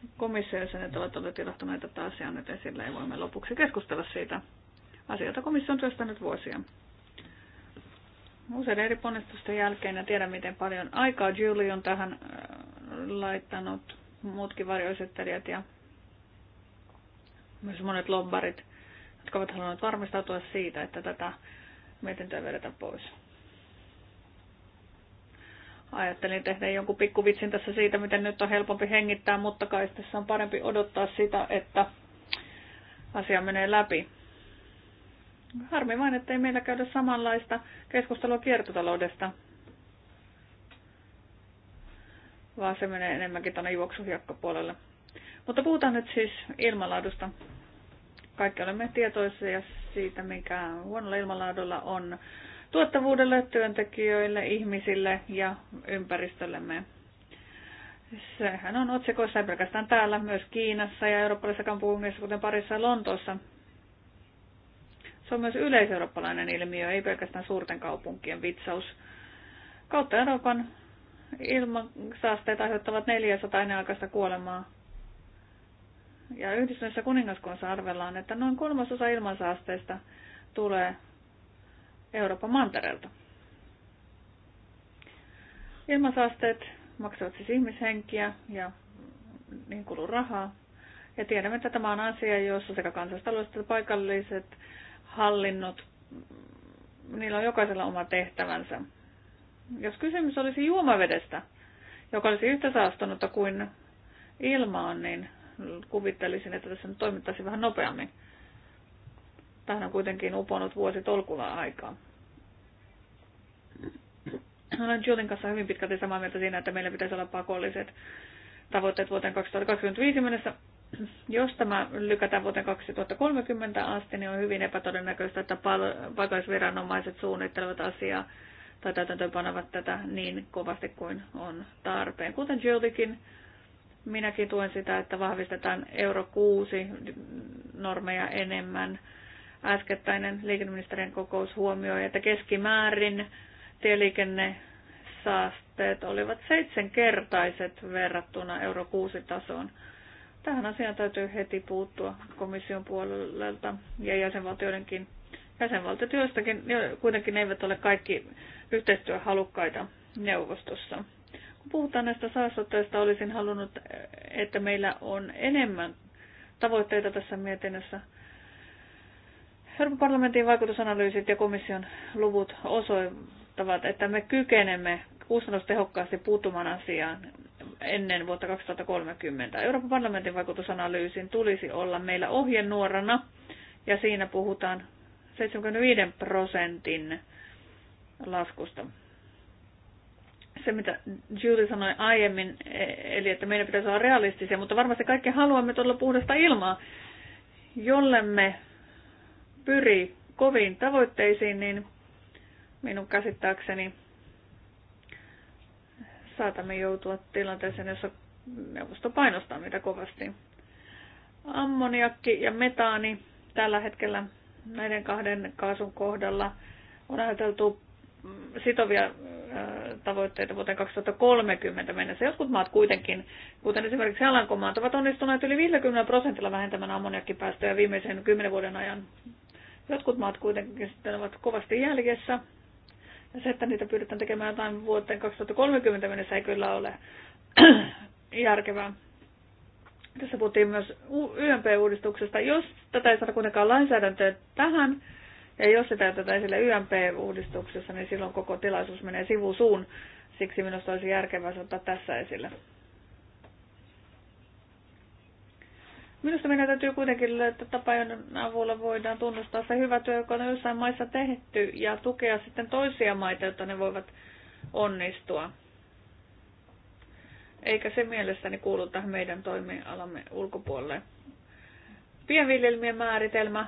komissio komissiojäsenet ovat olleet ilahtuneita, että asiaa nyt esille ja voimme lopuksi keskustella siitä. Asioita komissio on työstänyt vuosia. Useiden eri ponnistusten jälkeen ja tiedän, miten paljon aikaa Julie on tähän äh, laittanut, muutkin varjoisettelijät ja myös monet lobbarit, jotka ovat halunneet varmistautua siitä, että tätä mietintöä vedetään pois. Ajattelin tehdä jonkun pikkuvitsin tässä siitä, miten nyt on helpompi hengittää, mutta kai tässä on parempi odottaa sitä, että asia menee läpi. Harmi vain, ettei meillä käydä samanlaista keskustelua kiertotaloudesta, vaan se menee enemmänkin tuonne juoksuhiakkapuolelle. Mutta puhutaan nyt siis ilmanlaadusta. Kaikki olemme tietoisia siitä, mikä huonolla ilmanlaadulla on tuottavuudelle, työntekijöille, ihmisille ja ympäristöllemme. Sehän on otsikoissa ei pelkästään täällä, myös Kiinassa ja eurooppalaisissa kaupungeissa, kuten Parissa ja Lontoossa. Se on myös yleiseurooppalainen ilmiö, ei pelkästään suurten kaupunkien vitsaus. Kautta Euroopan ilmansaasteet aiheuttavat 400 ennenaikaista kuolemaa. Ja yhdistyneessä kuningaskunnassa arvellaan, että noin kolmasosa ilmansaasteista tulee Euroopan mantereelta. Ilmansaasteet maksavat siis ihmishenkiä ja niin kuluu rahaa. Ja tiedämme, että tämä on asia, jossa sekä kansallistaloudet että paikalliset hallinnot, niillä on jokaisella oma tehtävänsä. Jos kysymys olisi juomavedestä, joka olisi yhtä saastunutta kuin ilmaan, niin kuvittelisin, että tässä nyt toimittaisiin vähän nopeammin. Tähän on kuitenkin uponut vuosi tolkulla aikaa. Olen Julin kanssa hyvin pitkälti samaa mieltä siinä, että meillä pitäisi olla pakolliset tavoitteet vuoteen 2025 mennessä. Jos tämä lykätään vuoteen 2030 asti, niin on hyvin epätodennäköistä, että paikallisviranomaiset suunnittelevat asiaa tai täytäntöönpanevat tätä niin kovasti kuin on tarpeen. Kuten Julikin, minäkin tuen sitä, että vahvistetaan euro 6 normeja enemmän äskettäinen liikenneministerien kokous huomioi, että keskimäärin tieliikennesaasteet olivat seitsemänkertaiset verrattuna euro 6 tasoon. Tähän asiaan täytyy heti puuttua komission puolelta ja jäsenvaltioidenkin Jäsenvaltiotyöstäkin kuitenkin kuitenkin eivät ole kaikki yhteistyöhalukkaita neuvostossa. Kun puhutaan näistä saastutteista, olisin halunnut, että meillä on enemmän tavoitteita tässä mietinnössä Euroopan parlamentin vaikutusanalyysit ja komission luvut osoittavat, että me kykenemme kustannustehokkaasti puuttumaan asiaan ennen vuotta 2030. Euroopan parlamentin vaikutusanalyysin tulisi olla meillä ohjenuorana, ja siinä puhutaan 75 prosentin laskusta. Se, mitä Julie sanoi aiemmin, eli että meidän pitäisi olla realistisia, mutta varmasti kaikki haluamme todella puhdasta ilmaa, jollemme pyri koviin tavoitteisiin, niin minun käsittääkseni saatamme joutua tilanteeseen, jossa neuvosto painostaa meitä kovasti. Ammoniakki ja metaani tällä hetkellä näiden kahden kaasun kohdalla on ajateltu sitovia tavoitteita vuoteen 2030 mennessä. Jotkut maat kuitenkin, kuten esimerkiksi Alankomaat, ovat onnistuneet yli 50 prosentilla vähentämään ammoniakkipäästöjä viimeisen 10 vuoden ajan Jotkut maat kuitenkin sitten ovat kovasti jäljessä. Ja se, että niitä pyydetään tekemään jotain vuoteen 2030 mennessä ei kyllä ole järkevää. Tässä puhuttiin myös YMP-uudistuksesta. Jos tätä ei saada kuitenkaan lainsäädäntöä tähän, ja jos sitä jätetään esille YMP-uudistuksessa, niin silloin koko tilaisuus menee sivusuun. Siksi minusta olisi järkevää ottaa tässä esille. Minusta meidän täytyy kuitenkin löytää tapa, joiden avulla voidaan tunnustaa se hyvä työ, joka on jossain maissa tehty ja tukea sitten toisia maita, jotta ne voivat onnistua. Eikä se mielestäni kuulu tähän meidän toimialamme ulkopuolelle. Pienviljelmien määritelmä,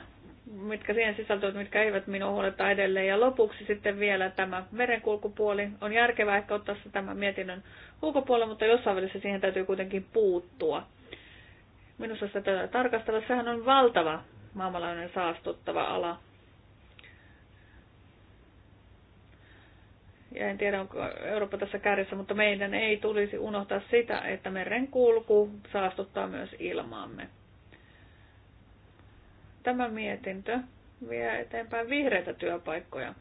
mitkä siihen sisältyvät, mitkä eivät minua huoleta edelleen. Ja lopuksi sitten vielä tämä merenkulkupuoli. On järkevää ehkä ottaa se tämän mietinnön ulkopuolelle, mutta jossain välissä siihen täytyy kuitenkin puuttua Minusta sitä tarkastella. Sehän on valtava maailmanlainen saastuttava ala. Ja en tiedä, onko Eurooppa tässä kärjessä, mutta meidän ei tulisi unohtaa sitä, että meren kulku saastuttaa myös ilmaamme. Tämä mietintö vie eteenpäin vihreitä työpaikkoja.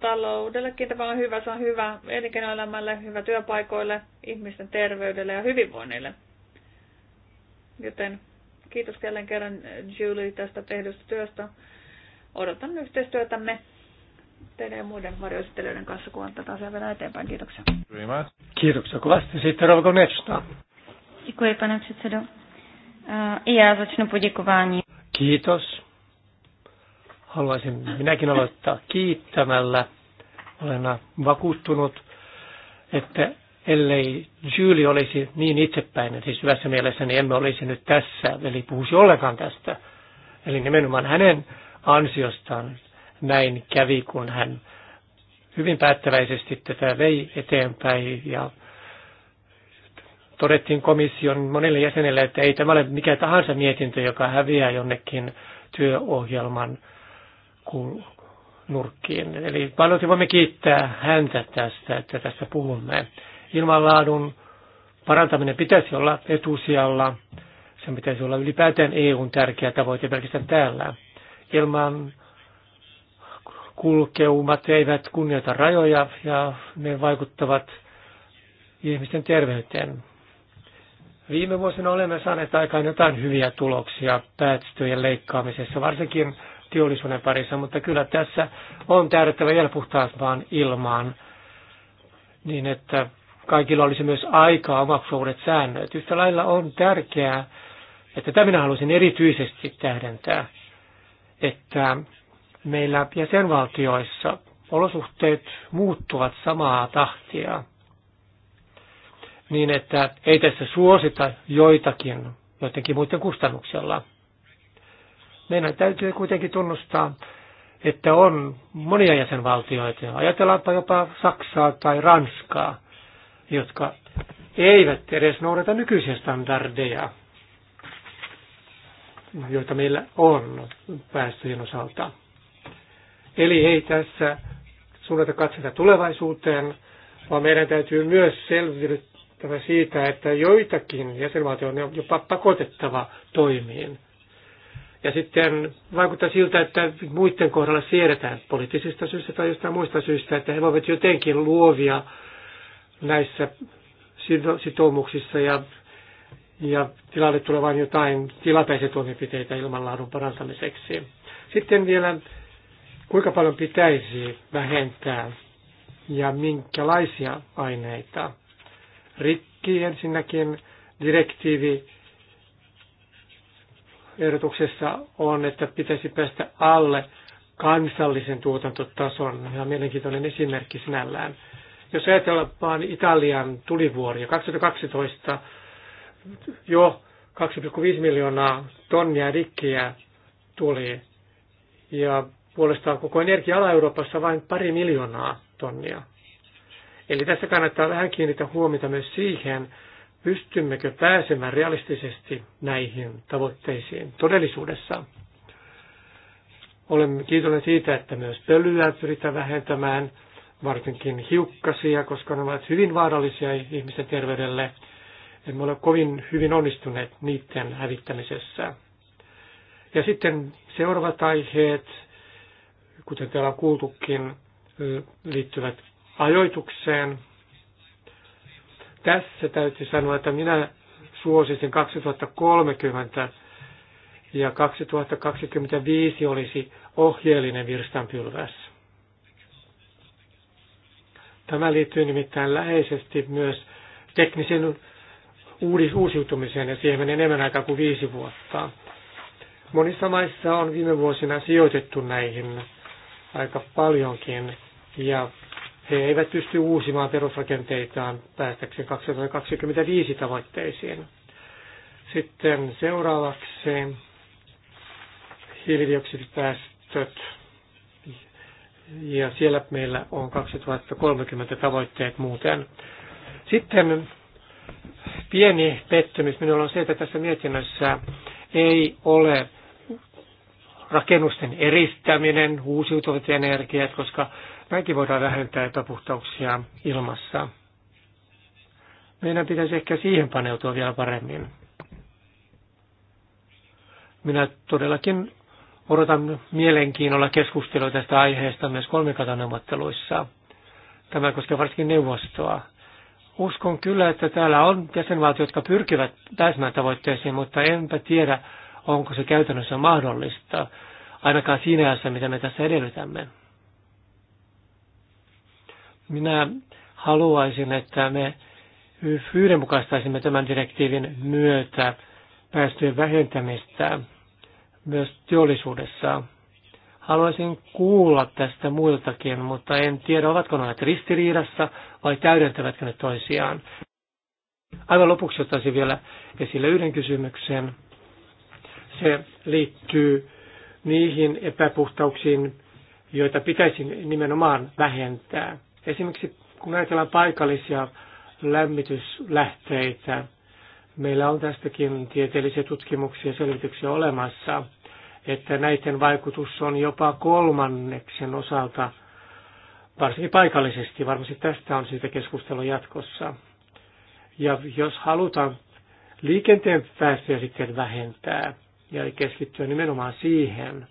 taloudellekin tämä on hyvä, se on hyvä elinkeinoelämälle, hyvä työpaikoille, ihmisten terveydelle ja hyvinvoinnille. Joten kiitos jälleen kerran Julie tästä tehdystä työstä. Odotan yhteistyötämme teidän ja muiden varjoesittelijöiden kanssa, kun tätä asiaa vielä eteenpäin. Kiitoksia. Kiitoksia kovasti. Sitten Rauko Nechta. E, kiitos, pane předsedo. I já začnu poděkování. Kiitos. Haluaisin minäkin aloittaa kiittämällä. Olen vakuuttunut, että ellei Julie olisi niin itsepäinen, siis hyvässä mielessä, niin emme olisi nyt tässä, eli puhuisi ollenkaan tästä. Eli nimenomaan hänen ansiostaan näin kävi, kun hän hyvin päättäväisesti tätä vei eteenpäin ja todettiin komission monille jäsenille, että ei tämä ole mikä tahansa mietintö, joka häviää jonnekin työohjelman nurkkiin. Eli paljon voimme kiittää häntä tästä, että tässä puhumme. Ilmanlaadun parantaminen pitäisi olla etusijalla. Se pitäisi olla ylipäätään EUn tärkeä tavoite pelkästään täällä. Ilman kulkeumat eivät kunnioita rajoja ja ne vaikuttavat ihmisten terveyteen. Viime vuosina olemme saaneet aikaan jotain hyviä tuloksia päästöjen leikkaamisessa, varsinkin teollisuuden parissa, mutta kyllä tässä on täydettävä vielä puhtaampaan ilmaan niin, että kaikilla olisi myös aikaa omaksua uudet säännöt. Yhtä lailla on tärkeää, että tämä minä haluaisin erityisesti tähdentää, että meillä jäsenvaltioissa olosuhteet muuttuvat samaa tahtia, niin että ei tässä suosita joitakin jotenkin muiden kustannuksella – meidän täytyy kuitenkin tunnustaa, että on monia jäsenvaltioita. Ajatellaanpa jopa Saksaa tai Ranskaa, jotka eivät edes noudata nykyisiä standardeja, joita meillä on päästöjen osalta. Eli ei tässä suunnata katsota tulevaisuuteen, vaan meidän täytyy myös selvittää siitä, että joitakin jäsenvaltioita on jopa pakotettava toimiin. Ja sitten vaikuttaa siltä, että muiden kohdalla siirretään poliittisista syistä tai jostain muista syistä, että he voivat jotenkin luovia näissä sitoumuksissa ja, ja tilalle tulee vain jotain tilapäisiä toimenpiteitä ilmanlaadun parantamiseksi. Sitten vielä, kuinka paljon pitäisi vähentää ja minkälaisia aineita. Rikki ensinnäkin direktiivi ehdotuksessa on, että pitäisi päästä alle kansallisen tuotantotason. Ihan mielenkiintoinen esimerkki sinällään. Jos ajatellaan vain Italian tulivuoria, 2012 jo 2,5 miljoonaa tonnia rikkiä tuli ja puolestaan koko energia Euroopassa vain pari miljoonaa tonnia. Eli tässä kannattaa vähän kiinnittää huomiota myös siihen, pystymmekö pääsemään realistisesti näihin tavoitteisiin todellisuudessa. Olen kiitollinen siitä, että myös pölyä pyritään vähentämään, varsinkin hiukkasia, koska ne ovat hyvin vaarallisia ihmisten terveydelle. Emme ole kovin hyvin onnistuneet niiden hävittämisessä. Ja sitten seuraavat aiheet, kuten täällä on kuultukin, liittyvät ajoitukseen, tässä täytyy sanoa, että minä suosisin 2030 ja 2025 olisi ohjeellinen virstanpylväs. Tämä liittyy nimittäin läheisesti myös teknisen uusiutumiseen ja siihen menee enemmän aikaa kuin viisi vuotta. Monissa maissa on viime vuosina sijoitettu näihin aika paljonkin ja he eivät pysty uusimaan perusrakenteitaan päästäkseen 2025 tavoitteisiin. Sitten seuraavaksi hiilidioksidipäästöt. Ja siellä meillä on 2030 tavoitteet muuten. Sitten pieni pettymys minulla on se, että tässä mietinnössä ei ole rakennusten eristäminen, uusiutuvat energiat, koska Näinkin voidaan vähentää epäpuhtauksia ilmassa. Meidän pitäisi ehkä siihen paneutua vielä paremmin. Minä todellakin odotan mielenkiinnolla keskustelua tästä aiheesta myös kolmikataneuvotteluissa. Tämä koskee varsinkin neuvostoa. Uskon kyllä, että täällä on jäsenvaltiot, jotka pyrkivät täsmään tavoitteisiin, mutta enpä tiedä, onko se käytännössä mahdollista, ainakaan siinä ajassa, mitä me tässä edellytämme. Minä haluaisin, että me yhdenmukaistaisimme tämän direktiivin myötä päästöjen vähentämistä myös teollisuudessa. Haluaisin kuulla tästä muiltakin, mutta en tiedä, ovatko ne ristiriidassa vai täydentävätkö ne toisiaan. Aivan lopuksi ottaisin vielä esille yhden kysymyksen. Se liittyy niihin epäpuhtauksiin, joita pitäisi nimenomaan vähentää. Esimerkiksi kun ajatellaan paikallisia lämmityslähteitä, meillä on tästäkin tieteellisiä tutkimuksia ja selvityksiä olemassa, että näiden vaikutus on jopa kolmanneksen osalta, varsinkin paikallisesti. Varmasti tästä on siitä keskustelu jatkossa. Ja jos halutaan liikenteen päästöjä sitten vähentää ja keskittyä nimenomaan siihen,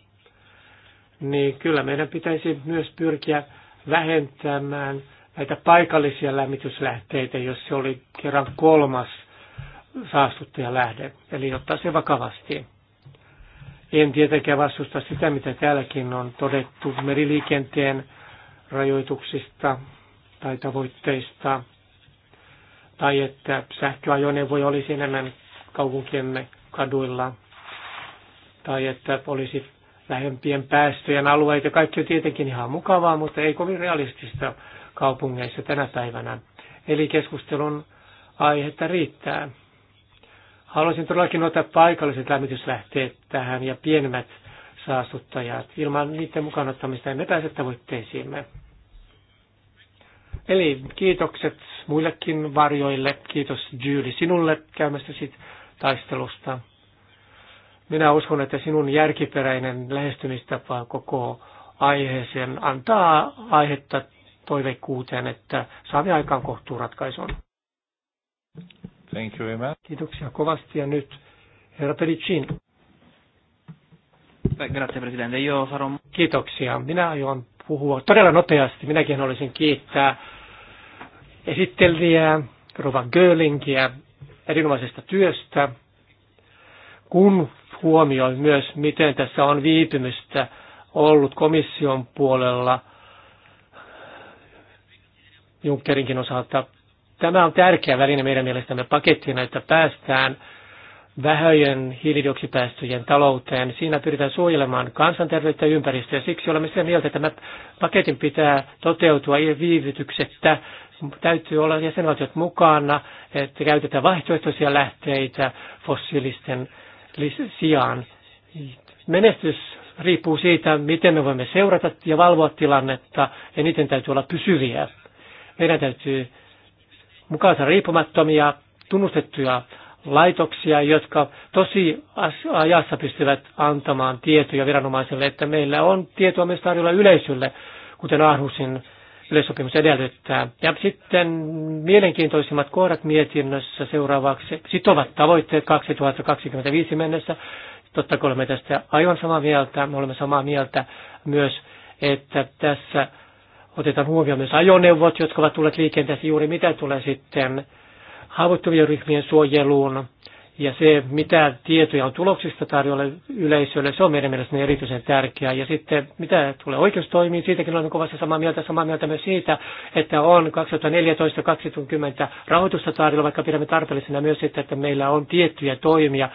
niin kyllä meidän pitäisi myös pyrkiä vähentämään näitä paikallisia lämmityslähteitä, jos se oli kerran kolmas saastuttajalähde, eli ottaa se vakavasti. En tietenkään vastusta sitä, mitä täälläkin on todettu meriliikenteen rajoituksista tai tavoitteista, tai että sähköajoneuvo olisi enemmän kaupunkiemme kaduilla, tai että olisi vähempien päästöjen alueet ja kaikki on tietenkin ihan mukavaa, mutta ei kovin realistista kaupungeissa tänä päivänä. Eli keskustelun aihetta riittää. Haluaisin todellakin ottaa paikalliset lämmityslähteet tähän ja pienemmät saastuttajat. Ilman niiden ottamista emme pääse tavoitteisiimme. Eli kiitokset muillekin varjoille. Kiitos Julie sinulle sit taistelusta. Minä uskon, että sinun järkiperäinen lähestymistapa koko aiheeseen antaa aihetta toiveikkuuteen, että saamme aikaan kohtuuratkaisun. Thank you very much. Kiitoksia kovasti ja nyt herra Pericin. Kiitoksia. Minä aion puhua todella nopeasti. Minäkin olisin kiittää esittelijää, Rovan Gölingiä, erinomaisesta työstä. Kun huomioon myös, miten tässä on viipymistä ollut komission puolella Junckerinkin osalta. Tämä on tärkeä väline meidän mielestämme pakettina, että päästään vähöjen hiilidioksipäästöjen talouteen. Siinä pyritään suojelemaan kansanterveyttä ja ympäristöä. Siksi olemme sitä mieltä, että tämä paketin pitää toteutua viivytyksettä. Täytyy olla jäsenvaltiot mukana, että käytetään vaihtoehtoisia lähteitä fossiilisten sijaan. Menestys riippuu siitä, miten me voimme seurata ja valvoa tilannetta, ja niiden täytyy olla pysyviä. Meidän täytyy mukaansa riippumattomia, tunnustettuja laitoksia, jotka tosi ajassa pystyvät antamaan tietoja viranomaisille, että meillä on tietoa myös tarjolla yleisölle, kuten Aarhusin yleissopimus edellyttää. Ja sitten mielenkiintoisimmat kohdat mietinnössä seuraavaksi sitovat tavoitteet 2025 mennessä. Totta kai olemme tästä aivan samaa mieltä. Me olemme samaa mieltä myös, että tässä otetaan huomioon myös ajoneuvot, jotka ovat tulleet liikenteessä juuri mitä tulee sitten haavoittuvien ryhmien suojeluun, ja se, mitä tietoja on tuloksista tarjolla yleisölle, se on meidän mielestäni erityisen tärkeää. Ja sitten, mitä tulee oikeustoimiin, siitäkin olemme kovasti samaa mieltä. Samaa mieltä myös siitä, että on 2014-2020 rahoitusta tarjolla, vaikka pidämme tarpeellisena myös sitä, että meillä on tiettyjä toimia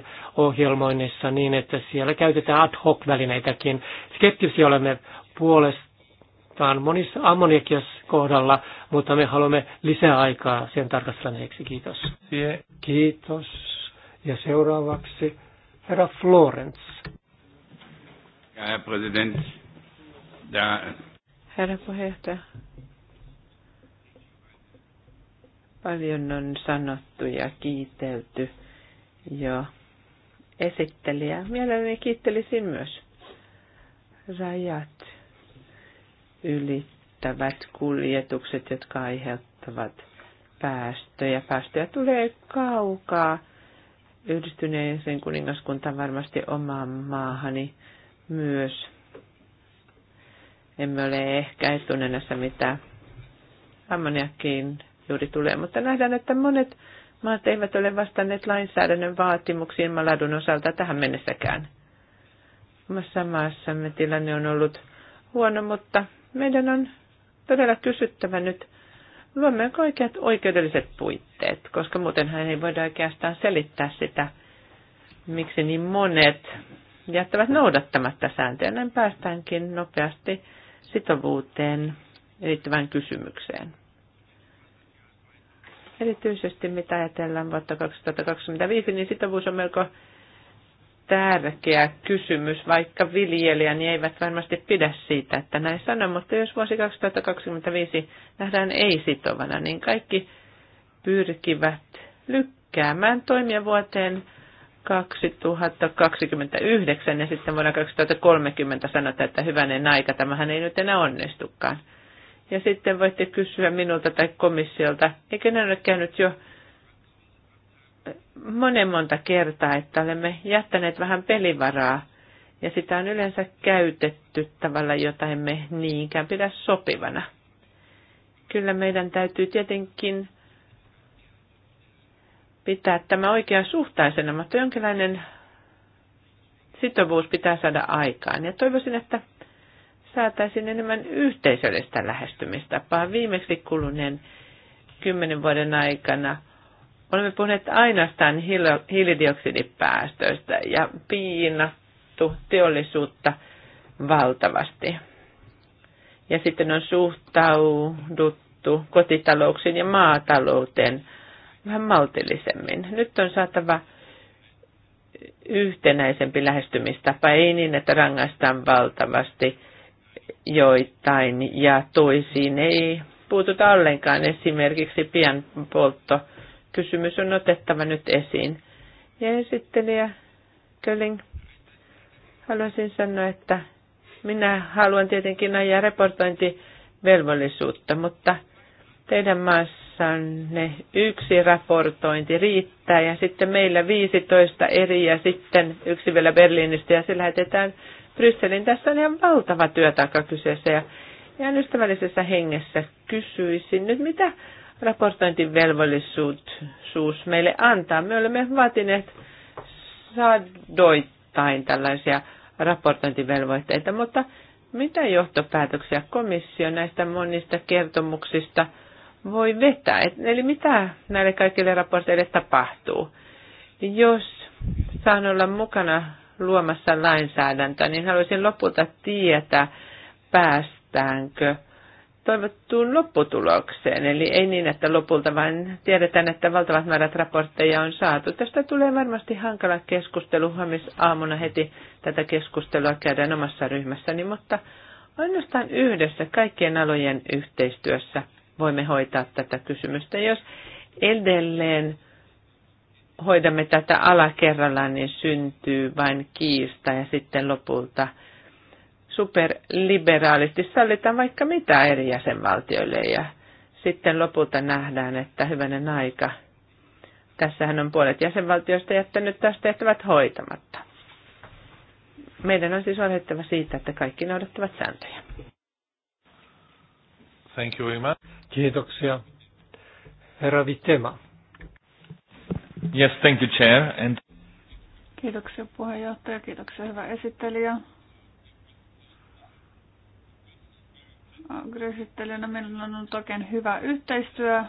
2020-2027 ohjelmoinnissa niin, että siellä käytetään ad hoc-välineitäkin. Skeptisiä olemme puolesta kohtaan monissa ammoniakias kohdalla, mutta me haluamme lisää aikaa sen tarkastelemiseksi. Kiitos. Sie. Kiitos. Ja seuraavaksi herra Florence. Herra president. Ja. Herra puheenjohtaja. Paljon on sanottu ja kiitelty jo esittelijä. Mielelläni kiittelisin myös rajat ylittävät kuljetukset, jotka aiheuttavat päästöjä. Päästöjä tulee kaukaa yhdistyneeseen kuningaskuntaan varmasti omaan maahani myös. Emme ole ehkä etunenässä, mitä ammoniakkiin juuri tulee, mutta nähdään, että monet maat eivät ole vastanneet lainsäädännön vaatimuksiin maladun osalta tähän mennessäkään. Omassa maassamme tilanne on ollut huono, mutta meidän on todella kysyttävä nyt, luomme oikeat oikeudelliset puitteet, koska muutenhan ei voida oikeastaan selittää sitä, miksi niin monet jättävät noudattamatta sääntöjä. Näin päästäänkin nopeasti sitovuuteen liittyvään kysymykseen. Erityisesti mitä ajatellaan vuotta 2025, niin sitovuus on melko tärkeä kysymys, vaikka viljelijäni eivät varmasti pidä siitä, että näin sanon, mutta jos vuosi 2025 nähdään ei-sitovana, niin kaikki pyrkivät lykkäämään toimia vuoteen 2029 ja sitten vuonna 2030 sanotaan, että hyvänen aika, tämähän ei nyt enää onnistukaan. Ja sitten voitte kysyä minulta tai komissiolta, eikö ne ole käynyt jo monen monta kertaa, että olemme jättäneet vähän pelivaraa ja sitä on yleensä käytetty tavalla, jota emme niinkään pidä sopivana. Kyllä meidän täytyy tietenkin pitää tämä oikean suhtaisena, mutta jonkinlainen sitovuus pitää saada aikaan. Ja toivoisin, että saataisiin enemmän yhteisöllistä lähestymistapaa. Viimeksi kuluneen kymmenen vuoden aikana – Olemme puhuneet ainoastaan hiilidioksidipäästöistä ja piinattu teollisuutta valtavasti. Ja sitten on suhtauduttu kotitalouksiin ja maatalouteen vähän maltillisemmin. Nyt on saatava yhtenäisempi lähestymistapa, ei niin, että rangaistaan valtavasti joitain ja toisiin ei puututa ollenkaan esimerkiksi pian poltto kysymys on otettava nyt esiin. Ja esittelijä Köling, haluaisin sanoa, että minä haluan tietenkin ajaa raportointivelvollisuutta, mutta teidän maassanne yksi raportointi riittää ja sitten meillä 15 eri ja sitten yksi vielä Berliinistä ja se lähetetään Brysselin. Tässä on ihan valtava työtaka kyseessä ja ihan ystävällisessä hengessä kysyisin nyt, mitä raportointivelvollisuus meille antaa. Me olemme vaatineet sadoittain tällaisia raportointivelvoitteita, mutta mitä johtopäätöksiä komissio näistä monista kertomuksista voi vetää? Eli mitä näille kaikille raporteille tapahtuu? Jos saan olla mukana luomassa lainsäädäntöä, niin haluaisin lopulta tietää, päästäänkö – toivottuun lopputulokseen. Eli ei niin, että lopulta vain tiedetään, että valtavat määrät raportteja on saatu. Tästä tulee varmasti hankala keskustelu. Huomisaamuna heti tätä keskustelua käydään omassa ryhmässäni, mutta ainoastaan yhdessä kaikkien alojen yhteistyössä voimme hoitaa tätä kysymystä. Jos edelleen hoidamme tätä alakerrallaan, niin syntyy vain kiista ja sitten lopulta – superliberaalisti sallitaan vaikka mitä eri jäsenvaltioille ja sitten lopulta nähdään, että hyvänen aika. Tässähän on puolet jäsenvaltioista jättänyt tästä tehtävät hoitamatta. Meidän on siis huolehdittava siitä, että kaikki noudattavat sääntöjä. Thank you Ima. Kiitoksia. Herra Vitema. Yes, thank you, Chair. And... Kiitoksia puheenjohtaja, kiitoksia hyvä esittelijä. agriesittelijänä meillä on ollut oikein hyvä yhteistyö.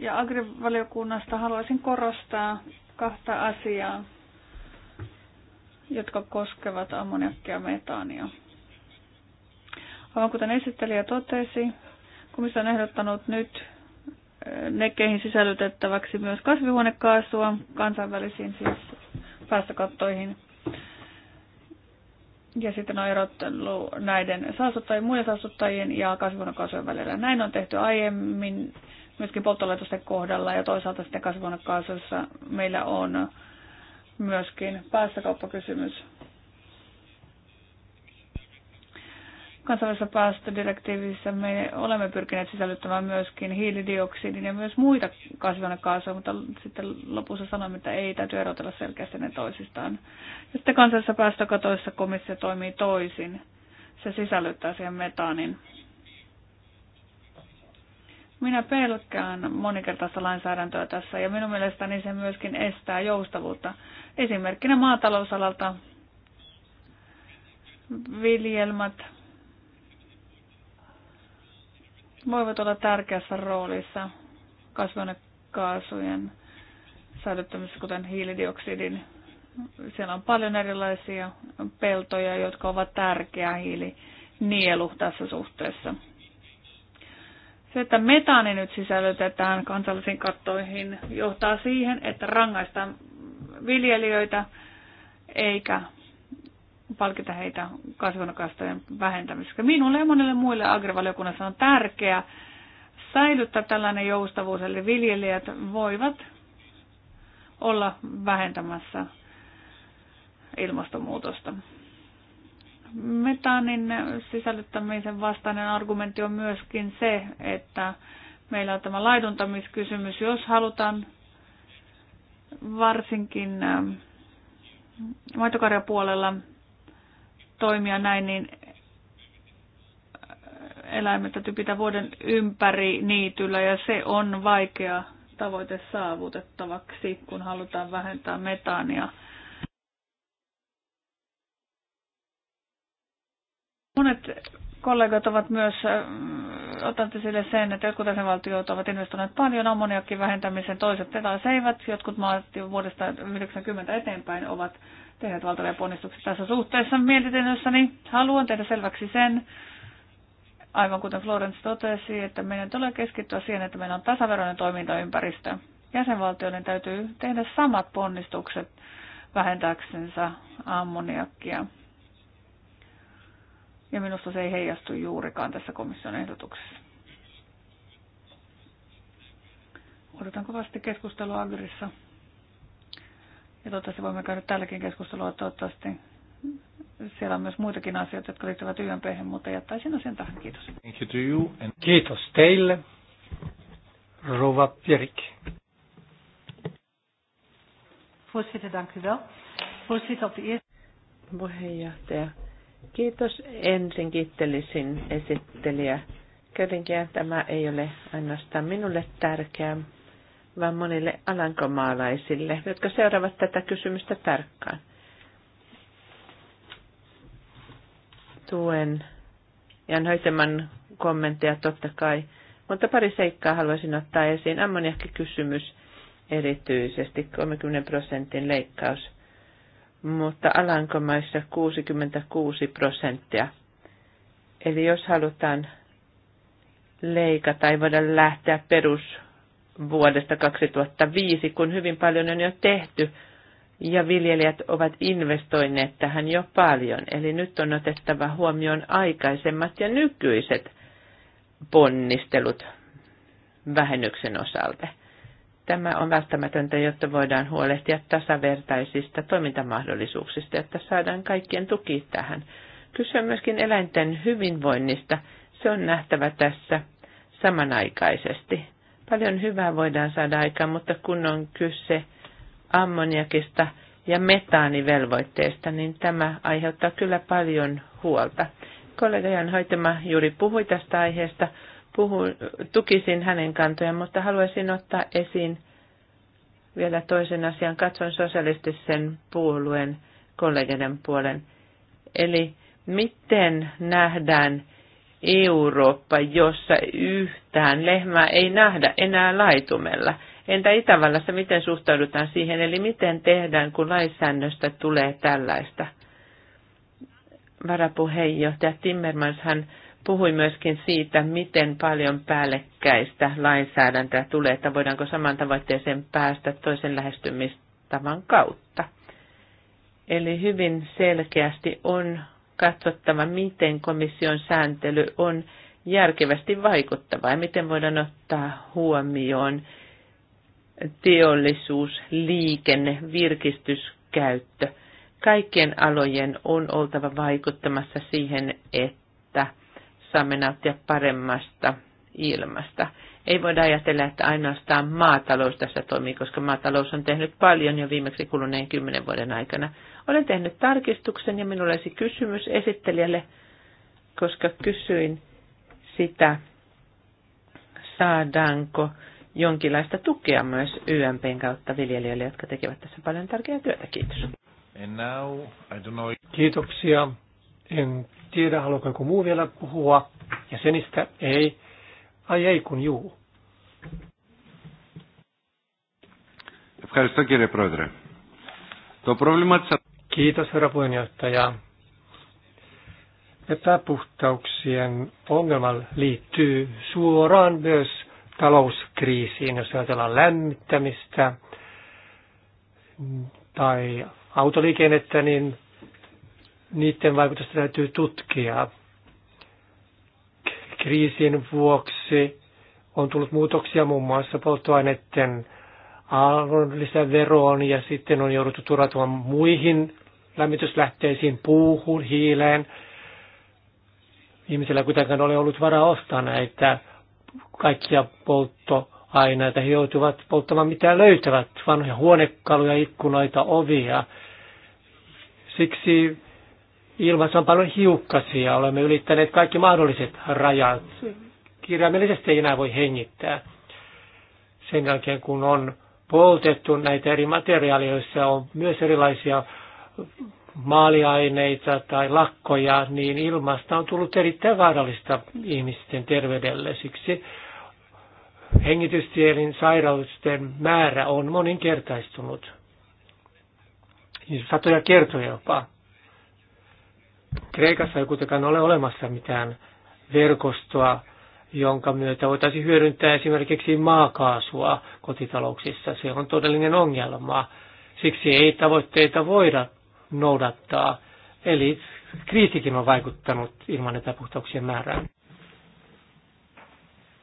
Ja agrivaliokunnasta haluaisin korostaa kahta asiaa, jotka koskevat ammoniakkia ja metaania. Aivan kuten esittelijä totesi, komissio on ehdottanut nyt eh, nekeihin sisällytettäväksi myös kasvihuonekaasua kansainvälisiin siis päästökattoihin – ja sitten on erottelu näiden saastuttajien, muiden saastuttajien ja kasvihuonekaasujen välillä. Näin on tehty aiemmin myöskin polttolaitosten kohdalla ja toisaalta sitten kasvihuonekaasuissa meillä on myöskin päästökauppakysymys kansallisessa päästödirektiivissä me olemme pyrkineet sisällyttämään myöskin hiilidioksidin ja myös muita kasvihuonekaasuja, mutta sitten lopussa sanoimme, että ei, täytyy erotella selkeästi ne toisistaan. Ja sitten kansallisessa päästökatoissa komissio toimii toisin. Se sisällyttää siihen metaanin. Minä pelkään monikertaista lainsäädäntöä tässä ja minun mielestäni se myöskin estää joustavuutta. Esimerkkinä maatalousalalta viljelmät voivat olla tärkeässä roolissa kasvihuonekaasujen säilyttämisessä, kuten hiilidioksidin. Siellä on paljon erilaisia peltoja, jotka ovat tärkeä hiilinielu tässä suhteessa. Se, että metaani nyt sisällytetään kansallisiin kattoihin, johtaa siihen, että rangaistaan viljelijöitä eikä palkita heitä kasvihuonekastojen vähentämisestä. Minulle ja monille muille agrivaliokunnassa on tärkeää säilyttää tällainen joustavuus, eli viljelijät voivat olla vähentämässä ilmastonmuutosta. Metaanin sisällyttämisen vastainen argumentti on myöskin se, että meillä on tämä laiduntamiskysymys, jos halutaan varsinkin maitokarjapuolella puolella toimia näin, niin eläimet täytyy pitää vuoden ympäri niityllä ja se on vaikea tavoite saavutettavaksi, kun halutaan vähentää metaania. Monet kollegat ovat myös otan sille sen, että jotkut jäsenvaltiot ovat investoineet paljon ammoniakin vähentämiseen, toiset taas eivät. Jotkut maat jo vuodesta 1990 eteenpäin ovat tehneet valtavia ponnistuksia tässä suhteessa mietinnössäni. Niin haluan tehdä selväksi sen, aivan kuten Florence totesi, että meidän tulee keskittyä siihen, että meillä on tasaveroinen toimintaympäristö. Jäsenvaltioiden täytyy tehdä samat ponnistukset vähentääksensä ammoniakkia ja minusta se ei heijastu juurikaan tässä komission ehdotuksessa. Odotan kovasti keskustelua Agrissa. Ja toivottavasti voimme käydä tälläkin keskustelua. Toivottavasti siellä on myös muitakin asioita, jotka liittyvät YMP, mutta jättäisin asian tähän. Kiitos. Thank you to you and... Kiitos teille. Rova Pierik. Voorzitter, dank u wel. Voorzitter, op de eerste... Puheenjohtaja, Kiitos. Ensin kiittelisin esittelijä. Kuitenkin tämä ei ole ainoastaan minulle tärkeää, vaan monille alankomaalaisille, jotka seuraavat tätä kysymystä tarkkaan. Tuen Jan Hoiteman kommentteja totta kai, mutta pari seikkaa haluaisin ottaa esiin. Ammoniakki kysymys erityisesti 30 prosentin leikkaus mutta Alankomaissa 66 prosenttia. Eli jos halutaan leikata, ei voida lähteä perusvuodesta 2005, kun hyvin paljon on jo tehty ja viljelijät ovat investoineet tähän jo paljon. Eli nyt on otettava huomioon aikaisemmat ja nykyiset ponnistelut vähennyksen osalta. Tämä on välttämätöntä, jotta voidaan huolehtia tasavertaisista toimintamahdollisuuksista, että saadaan kaikkien tuki tähän. Kyse on myöskin eläinten hyvinvoinnista. Se on nähtävä tässä samanaikaisesti. Paljon hyvää voidaan saada aikaan, mutta kun on kyse ammoniakista ja metaanivelvoitteesta, niin tämä aiheuttaa kyllä paljon huolta. Kollega Jan Hoitema juuri puhui tästä aiheesta puhun, tukisin hänen kantojaan, mutta haluaisin ottaa esiin vielä toisen asian. Katson sosialistisen puolueen kollegeiden puolen. Eli miten nähdään Eurooppa, jossa yhtään lehmää ei nähdä enää laitumella? Entä Itävallassa, miten suhtaudutaan siihen, eli miten tehdään, kun lainsäännöstä tulee tällaista? Varapuheenjohtaja Timmermans hän puhui myöskin siitä, miten paljon päällekkäistä lainsäädäntöä tulee, että voidaanko saman tavoitteeseen päästä toisen lähestymistavan kautta. Eli hyvin selkeästi on katsottava, miten komission sääntely on järkevästi vaikuttava ja miten voidaan ottaa huomioon teollisuus, liikenne, virkistyskäyttö. Kaikkien alojen on oltava vaikuttamassa siihen, että saamme nauttia paremmasta ilmasta. Ei voida ajatella, että ainoastaan maatalous tässä toimii, koska maatalous on tehnyt paljon jo viimeksi kuluneen kymmenen vuoden aikana. Olen tehnyt tarkistuksen ja minulla olisi kysymys esittelijälle, koska kysyin sitä, saadaanko jonkinlaista tukea myös YMPn kautta viljelijöille, jotka tekevät tässä paljon tärkeää työtä. Kiitos. And now, I don't know... Kiitoksia. En tiedä, haluaako joku muu vielä puhua. Ja senistä ei. Ai ei kun juu. Kiitos herra puheenjohtaja. Epäpuhtauksien ongelma liittyy suoraan myös talouskriisiin, jos ajatellaan lämmittämistä tai autoliikennettä, niin niiden vaikutusta täytyy tutkia. Kriisin vuoksi on tullut muutoksia muun muassa polttoaineiden arvonlisäveroon ja sitten on jouduttu turvautumaan muihin lämmityslähteisiin, puuhun, hiileen. Ihmisellä kuitenkaan ole ollut varaa ostaa näitä kaikkia polttoaineita. He joutuvat polttamaan mitä löytävät, vanhoja huonekaluja, ikkunoita, ovia. Siksi Ilmassa on paljon hiukkasia, olemme ylittäneet kaikki mahdolliset rajat. Kirjaimellisesti ei enää voi hengittää. Sen jälkeen kun on poltettu näitä eri materiaaleja, joissa on myös erilaisia maaliaineita tai lakkoja, niin ilmasta on tullut erittäin vaarallista ihmisten terveydelle. Siksi hengitystielin sairausten määrä on moninkertaistunut. Niin satoja kertoja jopa. Kreikassa ei kuitenkaan ole olemassa mitään verkostoa, jonka myötä voitaisiin hyödyntää esimerkiksi maakaasua kotitalouksissa. Se on todellinen ongelma. Siksi ei tavoitteita voida noudattaa. Eli kriisikin on vaikuttanut ilman epäpuhtauksien määrään.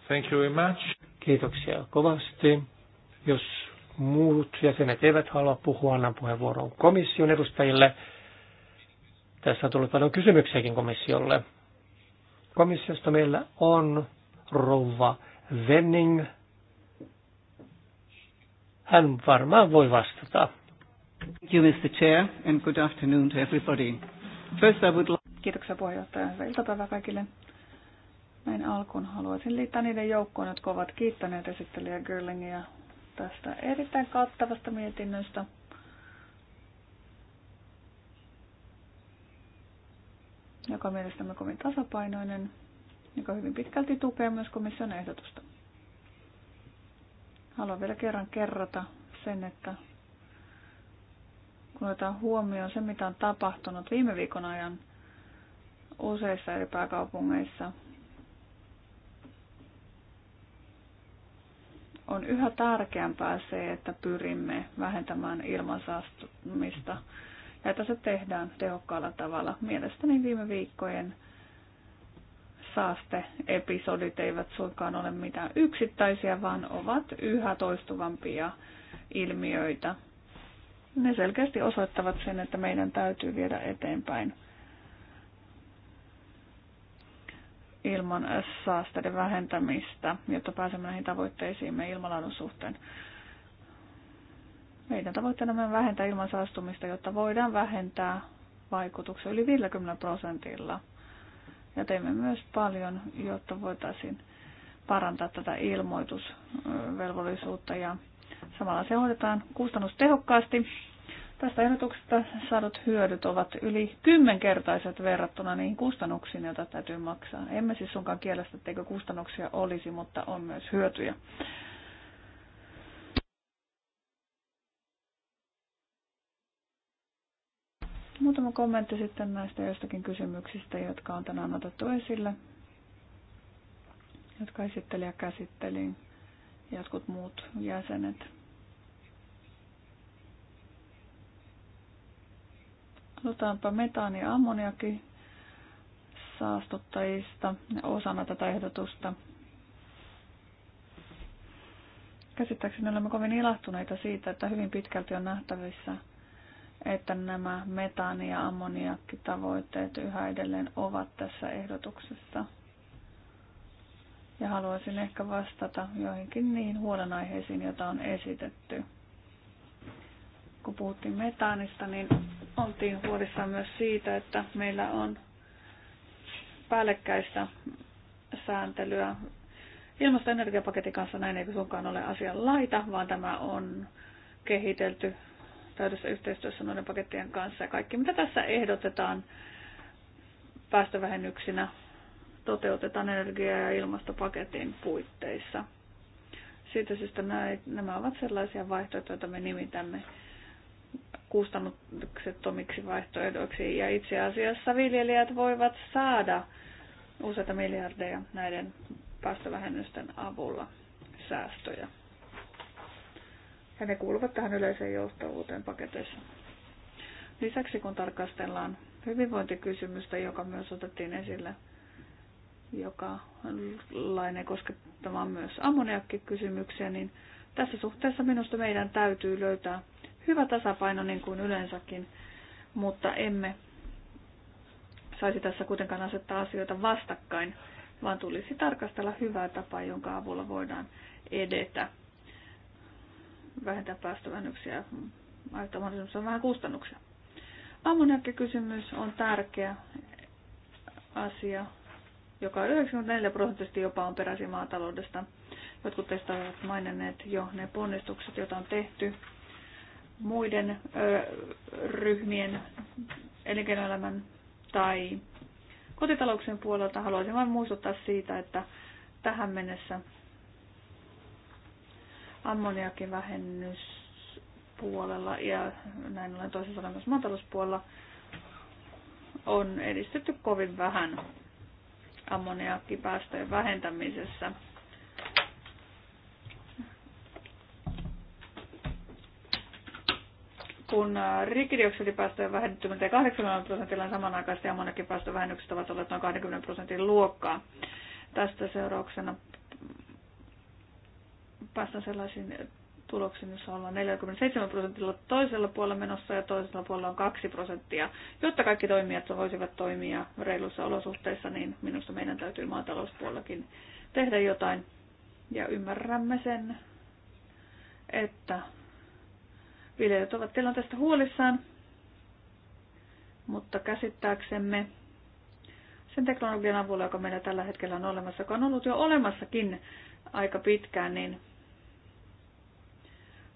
Thank you very much. Kiitoksia kovasti. Jos muut jäsenet eivät halua puhua, annan puheenvuoron komission edustajille. Tässä on tullut paljon kysymyksiäkin komissiolle. Komissiosta meillä on rouva Venning. Hän varmaan voi vastata. Thank you, Mr. Chair, and good afternoon to everybody. First I would like... Kiitoksia puheenjohtaja. Hyvää iltapäivää kaikille. Näin alkuun haluaisin liittää niiden joukkoon, jotka ovat kiittäneet esittelijä Girlingia tästä erittäin kattavasta mietinnöstä – joka on mielestämme kovin tasapainoinen, joka hyvin pitkälti tukee myös komission ehdotusta. Haluan vielä kerran kerrata sen, että kun otetaan huomioon se, mitä on tapahtunut viime viikon ajan useissa eri pääkaupungeissa, on yhä tärkeämpää se, että pyrimme vähentämään ilmansaastumista ja että se tehdään tehokkaalla tavalla. Mielestäni viime viikkojen saasteepisodit eivät suinkaan ole mitään yksittäisiä, vaan ovat yhä toistuvampia ilmiöitä. Ne selkeästi osoittavat sen, että meidän täytyy viedä eteenpäin ilman saasteiden vähentämistä, jotta pääsemme näihin tavoitteisiin ilmanlaadun suhteen. Meidän tavoitteena on vähentää saastumista, jotta voidaan vähentää vaikutuksia yli 50 prosentilla. Ja teemme myös paljon, jotta voitaisiin parantaa tätä ilmoitusvelvollisuutta ja samalla se hoidetaan kustannustehokkaasti. Tästä ehdotuksesta saadut hyödyt ovat yli kymmenkertaiset verrattuna niihin kustannuksiin, joita täytyy maksaa. Emme siis sunkaan kielestä, etteikö kustannuksia olisi, mutta on myös hyötyjä. Muutama kommentti sitten näistä jostakin kysymyksistä, jotka on tänään otettu esille, jotka ja käsitteli jotkut muut jäsenet. Otetaanpa metaani ja ammoniakin saastuttajista osana tätä ehdotusta. Käsittääkseni olemme kovin ilahtuneita siitä, että hyvin pitkälti on nähtävissä – että nämä metaani- ja ammoniakkitavoitteet yhä edelleen ovat tässä ehdotuksessa. Ja haluaisin ehkä vastata joihinkin niihin huolenaiheisiin, joita on esitetty. Kun puhuttiin metaanista, niin oltiin huolissaan myös siitä, että meillä on päällekkäistä sääntelyä ilmasto- ja energiapaketin kanssa näin ei suinkaan ole asian laita, vaan tämä on kehitelty täydessä yhteistyössä noiden pakettien kanssa. Ja kaikki, mitä tässä ehdotetaan päästövähennyksinä, toteutetaan energia- ja ilmastopaketin puitteissa. Siitä syystä nämä ovat sellaisia vaihtoehtoja, joita me nimitämme kustannuksettomiksi vaihtoehdoiksi. Ja itse asiassa viljelijät voivat saada useita miljardeja näiden päästövähennysten avulla säästöjä. Ja ne kuuluvat tähän yleiseen joustavuuteen paketeissa. Lisäksi kun tarkastellaan hyvinvointikysymystä, joka myös otettiin esille, joka lainen koskettamaan myös ammoniakkikysymyksiä, niin tässä suhteessa minusta meidän täytyy löytää hyvä tasapaino niin kuin yleensäkin, mutta emme saisi tässä kuitenkaan asettaa asioita vastakkain, vaan tulisi tarkastella hyvää tapaa, jonka avulla voidaan edetä vähentää päästövähennyksiä. Aito mahdollisuus on vähän kustannuksia. Ammoniakkikysymys on tärkeä asia, joka 94 prosenttisesti jopa on peräisin maataloudesta. Jotkut teistä ovat maininneet jo ne ponnistukset, joita on tehty muiden ö, ryhmien elinkeinoelämän tai kotitalouksien puolelta. Haluaisin vain muistuttaa siitä, että tähän mennessä ammoniakin vähennyspuolella ja näin ollen toisessa sanoen myös maatalouspuolella on edistetty kovin vähän ammoniakkipäästöjen vähentämisessä. kun äh, rikkidioksidipäästöjen vähennetty melkein 80 prosentilla samanaikaisesti ammoniakkipäästövähennykset ovat olleet noin 20 prosentin luokkaa. Tästä seurauksena päästään sellaisiin tuloksiin, jossa ollaan 47 prosentilla toisella puolella menossa ja toisella puolella on 2 prosenttia. Jotta kaikki toimijat voisivat toimia Reilussa olosuhteissa, niin minusta meidän täytyy maatalouspuolellakin tehdä jotain. Ja ymmärrämme sen, että viljelijät ovat tilanteesta huolissaan, mutta käsittääksemme sen teknologian avulla, joka meillä tällä hetkellä on olemassa, joka on ollut jo olemassakin aika pitkään, niin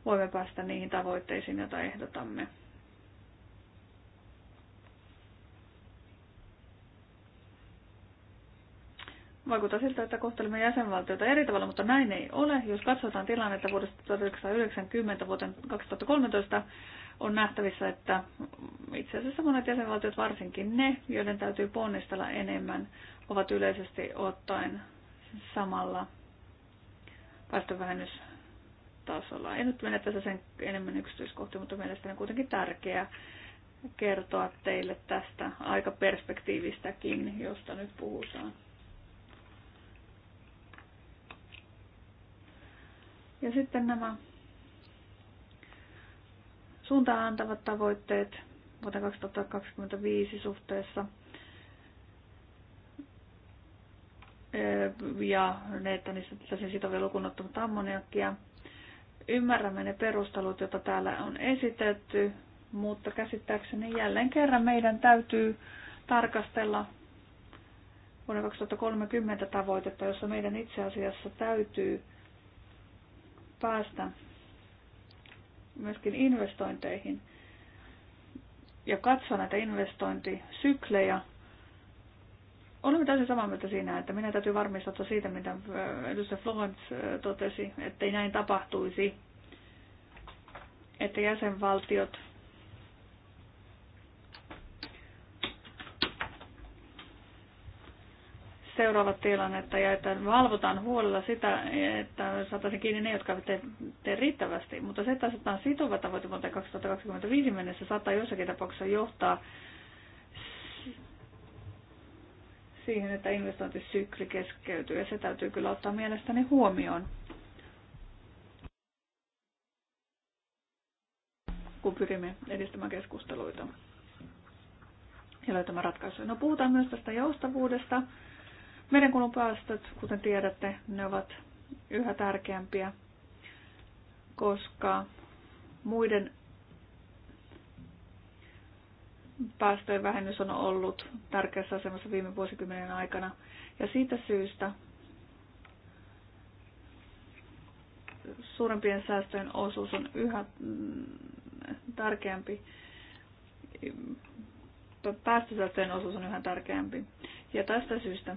voimme päästä niihin tavoitteisiin, joita ehdotamme. Vaikuttaa siltä, että kohtelemme jäsenvaltioita eri tavalla, mutta näin ei ole. Jos katsotaan tilannetta vuodesta 1990 vuoteen 2013, on nähtävissä, että itse asiassa monet jäsenvaltiot, varsinkin ne, joiden täytyy ponnistella enemmän, ovat yleisesti ottaen samalla päästövähennys taas olla, En nyt mennä tässä sen enemmän yksityiskohtiin, mutta mielestäni on kuitenkin tärkeää kertoa teille tästä aikaperspektiivistäkin, josta nyt puhutaan. Ja sitten nämä suuntaan antavat tavoitteet vuoteen 2025 suhteessa ja ne, että niistä sitä sitovia lukunottamatta ammoniakkia. Ymmärrämme ne perustelut, joita täällä on esitetty, mutta käsittääkseni jälleen kerran meidän täytyy tarkastella vuoden 2030 tavoitetta, jossa meidän itse asiassa täytyy päästä myöskin investointeihin ja katsoa näitä investointisyklejä. Olemme täysin samaa mieltä siinä, että minä täytyy varmistaa siitä, mitä äh, edustaja Florence äh, totesi, ei näin tapahtuisi että jäsenvaltiot seuraavat tilannetta ja että valvotaan huolella sitä, että saataisiin kiinni ne, jotka eivät tee, tee riittävästi. Mutta se, että asetetaan sitova tavoite vuoteen 2025 mennessä, saattaa jossakin tapauksessa johtaa siihen, että investointisykli keskeytyy ja se täytyy kyllä ottaa mielestäni huomioon. kun pyrimme edistämään keskusteluita ja löytämään ratkaisuja. No puhutaan myös tästä joustavuudesta. Merenkulun päästöt, kuten tiedätte, ne ovat yhä tärkeämpiä, koska muiden päästöjen vähennys on ollut tärkeässä asemassa viime vuosikymmenen aikana. Ja siitä syystä suurempien säästöjen osuus on yhä tärkeämpi. Päästösäästöjen osuus on yhä tärkeämpi. Ja tästä syystä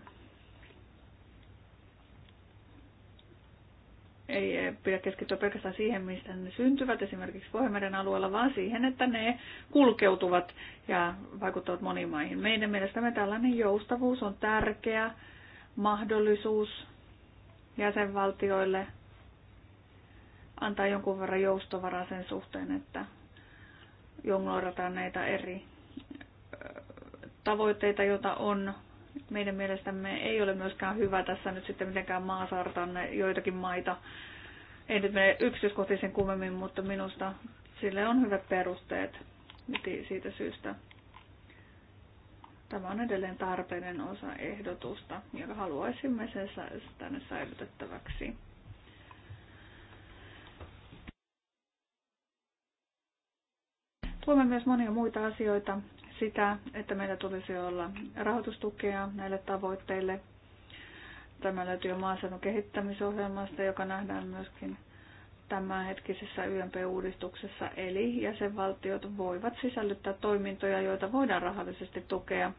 ei pidä keskittyä pelkästään siihen, mistä ne syntyvät esimerkiksi Pohjanmeren alueella, vaan siihen, että ne kulkeutuvat ja vaikuttavat moniin maihin. Meidän mielestämme tällainen joustavuus on tärkeä mahdollisuus jäsenvaltioille antaa jonkun verran joustovaraa sen suhteen, että jolla näitä eri tavoitteita, joita on. Meidän mielestämme ei ole myöskään hyvä tässä nyt sitten mitenkään maasartaan joitakin maita. Ei nyt mene yksityiskohtaisen kummemmin, mutta minusta sille on hyvät perusteet siitä syystä. Tämä on edelleen tarpeinen osa ehdotusta, jonka haluaisimme sen tänne säilytettäväksi. Tuemme myös monia muita asioita. Sitä, että meillä tulisi olla rahoitustukea näille tavoitteille. Tämä löytyy jo maaseudun kehittämisohjelmasta, joka nähdään myöskin tämänhetkisessä YMP-uudistuksessa, eli jäsenvaltiot voivat sisällyttää toimintoja, joita voidaan rahallisesti tukea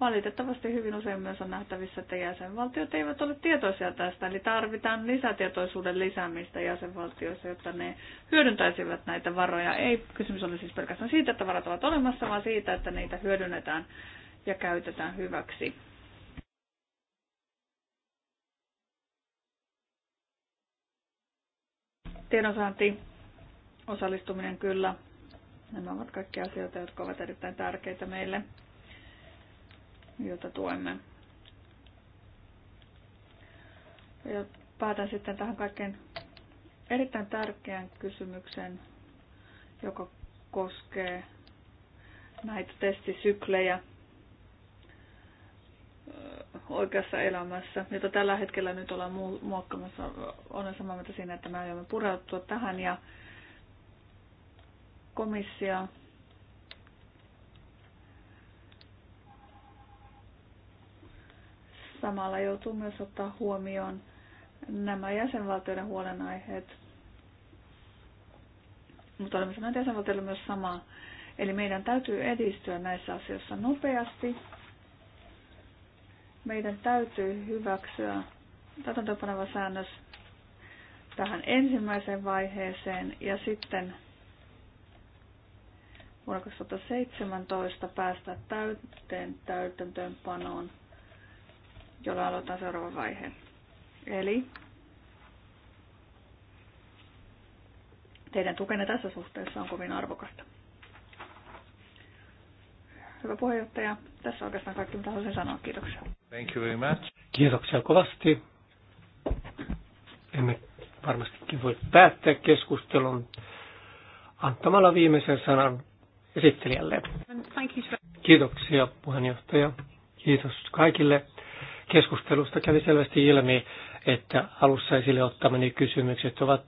Valitettavasti hyvin usein myös on nähtävissä, että jäsenvaltiot eivät ole tietoisia tästä, eli tarvitaan lisätietoisuuden lisäämistä jäsenvaltioissa, jotta ne hyödyntäisivät näitä varoja. Ei kysymys ole siis pelkästään siitä, että varat ovat olemassa, vaan siitä, että niitä hyödynnetään ja käytetään hyväksi. Tiedonsaanti, osallistuminen kyllä. Nämä ovat kaikki asioita, jotka ovat erittäin tärkeitä meille jota tuemme. Ja päätän sitten tähän kaikkein erittäin tärkeän kysymyksen, joka koskee näitä testisyklejä oikeassa elämässä, jota tällä hetkellä nyt ollaan muokkaamassa. Olen samaa mieltä siinä, että me aiomme pureutua tähän ja komissio Samalla joutuu myös ottaa huomioon nämä jäsenvaltioiden huolenaiheet. Mutta olemme sanoneet jäsenvaltioille myös samaa. Eli meidän täytyy edistyä näissä asioissa nopeasti. Meidän täytyy hyväksyä täytäntöönpaneva säännös tähän ensimmäiseen vaiheeseen ja sitten vuonna 2017 päästä täyteen täytäntöönpanoon jolla aloitetaan seuraava vaihe. Eli teidän tukenne tässä suhteessa on kovin arvokasta. Hyvä puheenjohtaja, tässä on oikeastaan kaikki mitä haluaisin sanoa. Kiitoksia. Thank you very much. Kiitoksia kovasti. Emme varmastikin voi päättää keskustelun antamalla viimeisen sanan esittelijälle. Kiitoksia puheenjohtaja. Kiitos kaikille Keskustelusta kävi selvästi ilmi, että alussa esille ottamani kysymykset ovat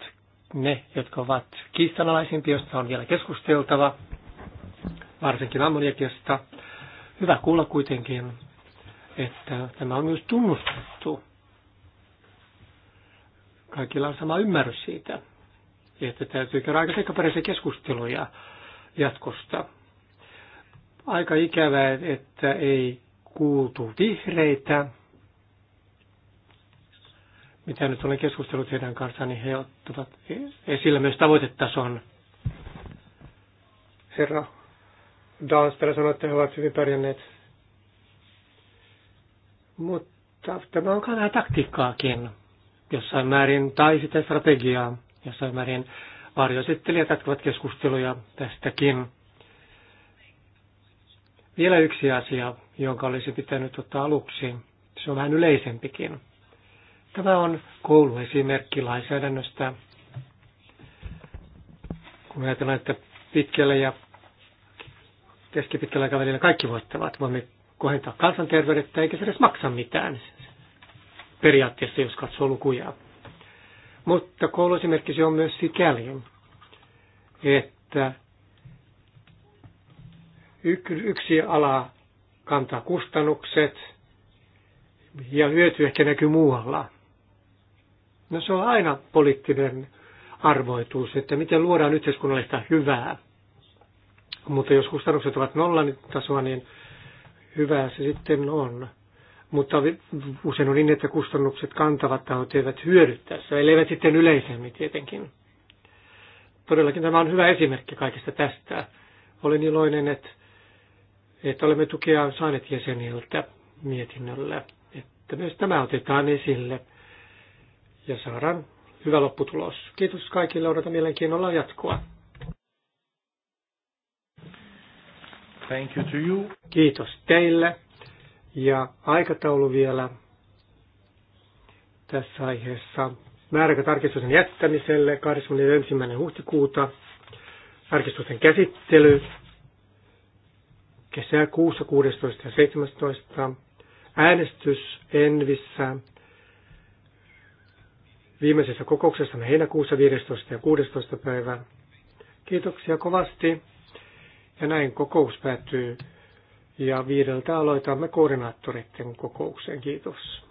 ne, jotka ovat kiistanalaisimpia, joista on vielä keskusteltava, varsinkin ammoniakista. Hyvä kuulla kuitenkin, että tämä on myös tunnustettu. Kaikilla on sama ymmärrys siitä, että täytyy käydä aika sekaperäisiä keskusteluja jatkosta. Aika ikävää, että ei kuultu vihreitä mitä nyt olen keskustellut heidän kanssaan, niin he ottavat esillä myös tavoitetason. Herra Dansper sanoi, että he ovat hyvin pärjänneet. Mutta tämä on vähän taktiikkaakin jossain määrin, tai sitten strategiaa jossain määrin. Varjoesittelijät jatkavat keskusteluja tästäkin. Vielä yksi asia, jonka olisi pitänyt ottaa aluksi. Se on vähän yleisempikin Tämä on kouluesimerkki lainsäädännöstä. Kun ajatellaan, että pitkällä ja keskipitkällä aikavälillä kaikki voittavat, voimme kohentaa kansanterveydettä, eikä se edes maksa mitään periaatteessa, jos katsoo lukuja. Mutta kouluesimerkki se on myös sikäli, että yksi ala kantaa kustannukset ja hyöty ehkä näkyy muualla – No se on aina poliittinen arvoituus, että miten luodaan yhteiskunnallista hyvää. Mutta jos kustannukset ovat nollan tasoa, niin hyvää se sitten on. Mutta usein on niin, että kustannukset kantavat tahot eivät hyödy tässä, eivät sitten yleisemmin tietenkin. Todellakin tämä on hyvä esimerkki kaikesta tästä. Olen iloinen, että, että olemme tukea saaneet jäseniltä mietinnölle, että myös tämä otetaan esille – ja saadaan hyvä lopputulos. Kiitos kaikille, odotan mielenkiinnolla jatkoa. Thank you to you. Kiitos teille. Ja aikataulu vielä tässä aiheessa. Määräaikatarkistuksen jättämiselle 21. huhtikuuta. Tarkistusten käsittely kesäkuussa 16 ja 17. Äänestys Envissä viimeisessä kokouksessa heinäkuussa 15. ja 16. päivä. Kiitoksia kovasti. Ja näin kokous päättyy. Ja viideltä aloitamme koordinaattoreiden kokoukseen. Kiitos.